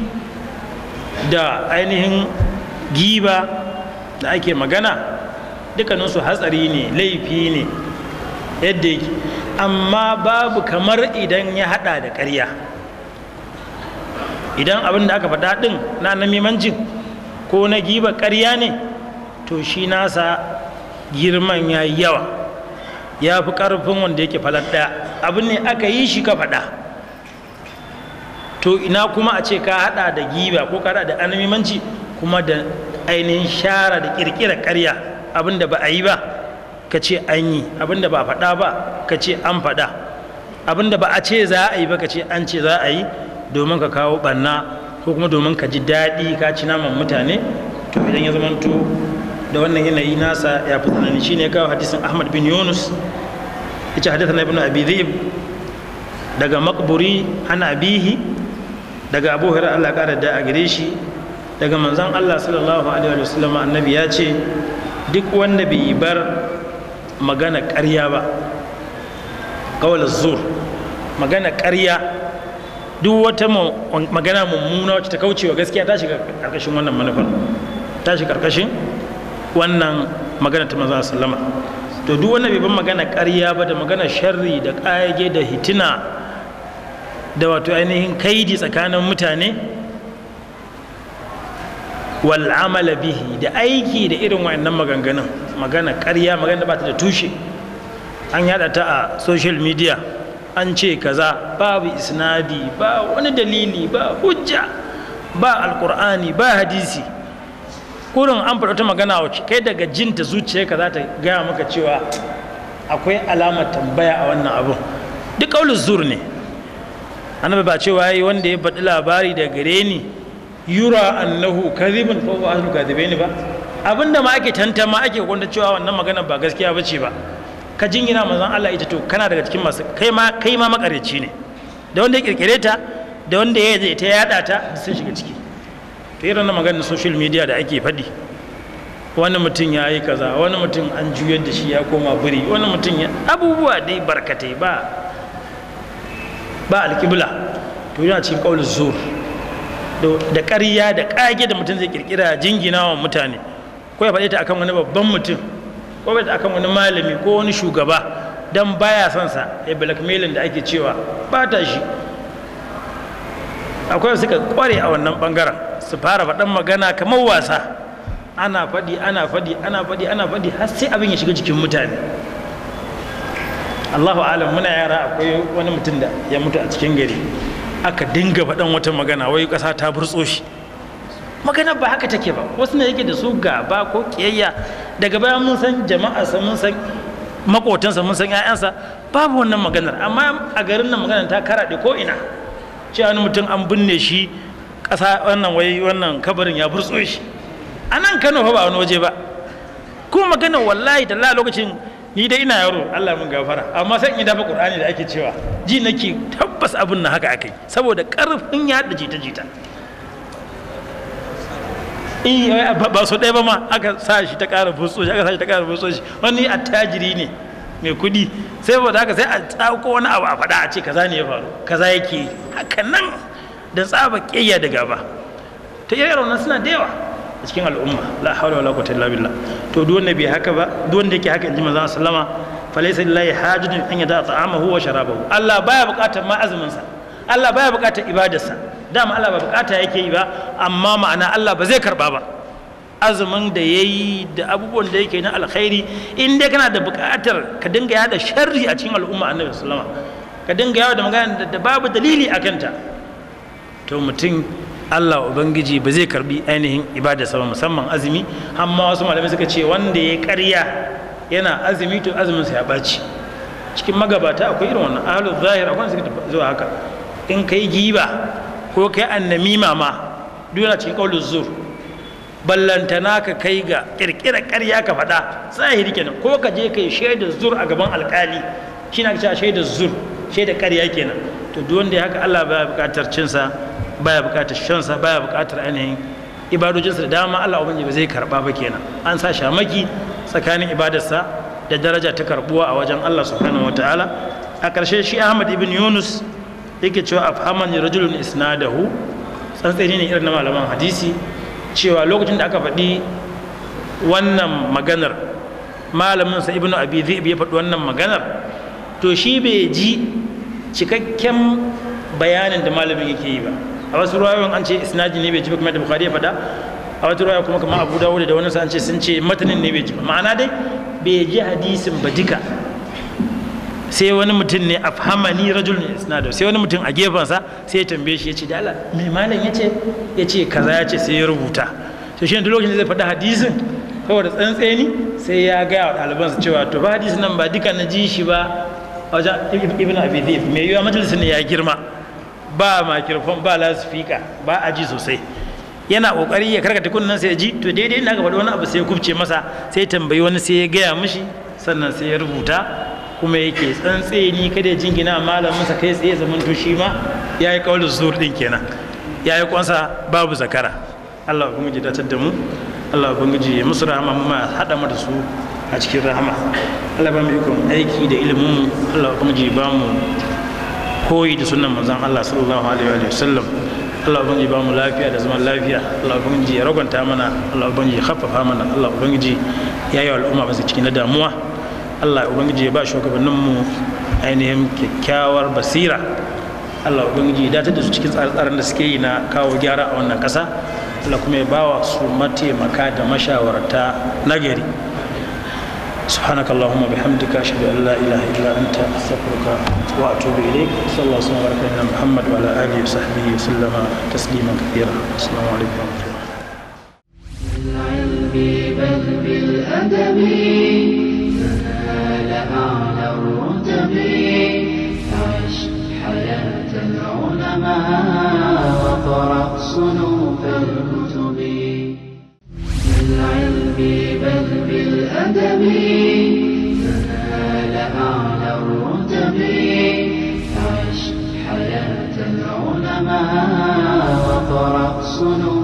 da ainihin giba da ake magana dukkaninsu hatsari ne laifi ne yadda yake amma babu kamar idan ya hada da ƙarya idan abin da aka faɗa ɗin na namimancin ko na giba ƙarya ne to shi nasa girman ya yi yawa ya fi ƙarfin wanda yake falar ɗaya abin ne aka yi shi ka faɗa to ina kuma a ce ka haɗa da giba ko ka haɗa da animimanci kuma da ainihin shara da ƙirƙirar ƙarya abin da ba a yi ba ka ce an yi abin da ba a faɗa ba ka ce an faɗa abin da ba a ce za a yi ba ka ce an ce za a yi domin ka kawo ɓanna ko kuma domin ka ji daɗi ka ci naman mutane to idan ya zamanto da wannan yanayi nasa ya fi tsanani ne kawo hadisun ahmad bin yunus ya ce hadisun abi dhib daga makburi ana abihi daga abu hurairah Allah kara da a gare shi daga manzan Allah sallallahu alaihi wa sallam annabi ya ce duk wanda bai bar magana ƙarya ba kawal zur magana ƙarya duk wata magana mummuna wacce ta kauce wa gaskiya ta shiga ƙarƙashin wannan manufar ta shiga ƙarƙashin wannan magana ta maza salama to duk wannan bai ban magana karya ba da magana sharri da ƙage da hitina da wato ainihin kaidi tsakanin mutane wal'amala bihi da aiki da irin wa'annan maganganun magana karya magana da bata da tushe an yada ta a social media an ce kaza babu isnadi ba wani dalili ba hujja ba alkur'ani ba hadisi kurin an faɗa ta magana wacce kai daga jin jinta ka za ta gaya maka cewa akwai alamar tambaya a wannan abun duk ƙaunar zur ne annabi ba cewa yayi wanda ya faɗi labari da gare ni yura annahu kadhibun fa huwa ahlu kadhibaini ba abinda ma ake tantama ake gwanda cewa wannan magana ba gaskiya ba ce ba ka jingina manzon Allah ita to kana daga cikin masu kai ma kai ma makareci ne da wanda ya kirkire ta da wanda ya yi ta yada ta sun shiga ciki tera na maganin social media da ake faɗi wani mutum ya yi kaza wani mutum an juyar da shi ya koma biri wani mutum ya abubuwa dai barkatai ba ba alƙibla to yana cikin ƙaunar zuwa da ƙarya da ƙage da mutum zai ƙirƙira jingina wa mutane ko ya faɗi ta akan wani babban mutum ko ya akan wani malami ko wani shugaba don baya son sa ya blackmailin da ake cewa ba ta shi akwai suka ƙware a wannan ɓangaren su fara faɗan magana kamar wasa ana faɗi ana faɗi ana faɗi ana faɗi har sai abin ya shiga cikin mutane Allahu alam muna yara akwai wani mutum da ya mutu a cikin gari aka dinga faɗan wata magana wai ƙasa ta burtso shi magana ba haka take ba wasu ne yake da su gaba ko kiyayya daga baya mun san jama'a mun san makotansa mun san 'ya'yansa babu wannan maganar amma a garin nan maganar ta karaɗe ko ina cewa wani mutum an binne shi ƙasa wannan wai wannan kabarin ya burtso shi a nan kano fa ba wani waje ba ko magana wallahi da lokacin ni dai ina yaro Allah mun gafara amma sai in dafa Qur'ani da ake cewa ji nake tabbas abin na haka akai saboda karfin da jita jita eh, ba so ɗaya ba ma aka sa shi ta ƙara shi aka sa shi ta ƙara burtso shi wani attajiri ne mai kuɗi sai ba haka sai a tsako wani abu a faɗa a ce kaza ne ya faru kaza yake haka nan da tsaba ƙiyya da gaba ta iya raunan suna da yawa a cikin al'umma la haula wala quwwata illa billah to duk wanda bai haka ba duk wanda yake haka inji manzon sallama falaysa lillahi hajatun an yada ta'amahu wa sharabahu Allah baya buƙatar ma azumin sa Allah baya buƙatar ibadarsa dama Allah ba buƙata yake yi ba amma ma'ana Allah ba zai karba ba azumin da ya yi da abubuwan da yake na alkhairi in dai kana da buƙatar ka dinga yada sharri a cikin al'umma annabi sallama ka dinga yawa da magana da babu dalili a kanta to mutum Allah Ubangiji ba zai karbi ainihin ibada sama musamman azumi amma wasu malamai suka ce wanda ya karya yana azumi to azumin sa ya ɓaci cikin magabata akwai irin wannan ahlul zahir akwai suka zuwa haka in kai giba ko kai annamima ma duk yana cikin kaulul zur ballantana ka kai ga kirkira ƙarya ka faɗa zahiri kenan ko ka je kai shaidar zur a gaban alƙali shi na cewa shaidar zur shaidar ƙarya kenan to duk wanda ya haka Allah ba buƙatar cinsa baya bukatar shansa baya bukatar ainihin ibadojinsa da dama Allah ubangiji ba zai karba ba kenan an sa shamaki tsakanin ibadarsa da daraja ta karbuwa a wajen Allah subhanahu wataala a ƙarshe shi Ahmad ibn Yunus yake cewa afhamani rajulun isnadahu tsantsani ne irin na malaman hadisi cewa lokacin da aka faɗi wannan maganar malaminsa ibnu abi zai ya faɗi wannan maganar to shi bai ji cikakken bayanin da malamin yake yi ba a wasu ruwayoyin an ce isnadi ne bai ji kuma da bukhari ya faɗa a wata ruwaya kuma kamar abu dawo da wani an ce sun ce matanin ne bai ji ma'ana dai bai ji hadisin ba duka sai wani mutum ne afhamani rajul ne isnadu sai wani mutum a gefensa sai ya tambaye shi ya ce dala mai malam ya ce ya ce kaza ya ce sai ya rubuta to shi ne duk lokacin zai faɗi hadisin saboda tsantseni sai ya gaya wa ɗalibansa cewa to ba hadisin nan ba duka na ji shi ba a wajen ibn abi dhif mai yiwa majalisin ne ya girma ba makirfon ba lasifika ba a ji sosai yana kokari ya karkata kunnen sai ya ji to daidai na gaba faɗi wani abu sai ya kubce masa sai tambayi wani sai ya gaya mishi sannan sai ya rubuta kuma yake ni kada ya jingina malamin sa kai tsaye zaman to shi ma Ya yi kaulin zuhur din kenan ya yi kwansa babu zakara Allah ya ubangiji datar da mu Allah ya ubangiji ya musu rahama mu ma hada mata su a cikin rahama Allah ba mu ikon aiki da ilimin mu Allah ya ba mu koyi da sunan manzon Allah sallallahu alaihi wa sallam Allah ubangiji ba mu lafiya da zaman lafiya Allah ubangiji ya ragwanta mana Allah ubangiji ya khaffafa mana Allah ubangiji ya yi al'umma ba su cikin damuwa Allah ubangiji ya ba shugabannin mu ainihin kyakkyawar basira Allah ubangiji ya datar da su cikin tsare-tsaren da suke yi na kawo gyara a wannan ƙasa Allah kuma ya bawa su mataimaka da mashawarta nagari سبحانك اللهم وبحمدك أشهد أن لا إله إلا أنت أستغفرك وأتوب إليك صلى الله وسلم وبارك على محمد وعلى آله وصحبه وسلم تسليما كثيرا السلام عليكم ورحمة الله بالعلم بل بالأدب أعلى حياة العلماء وقرأ صنوف الكتب بالعلم بل بالأدب فنال أعلى الرتب عش حياة العلماء وقرأ صنوع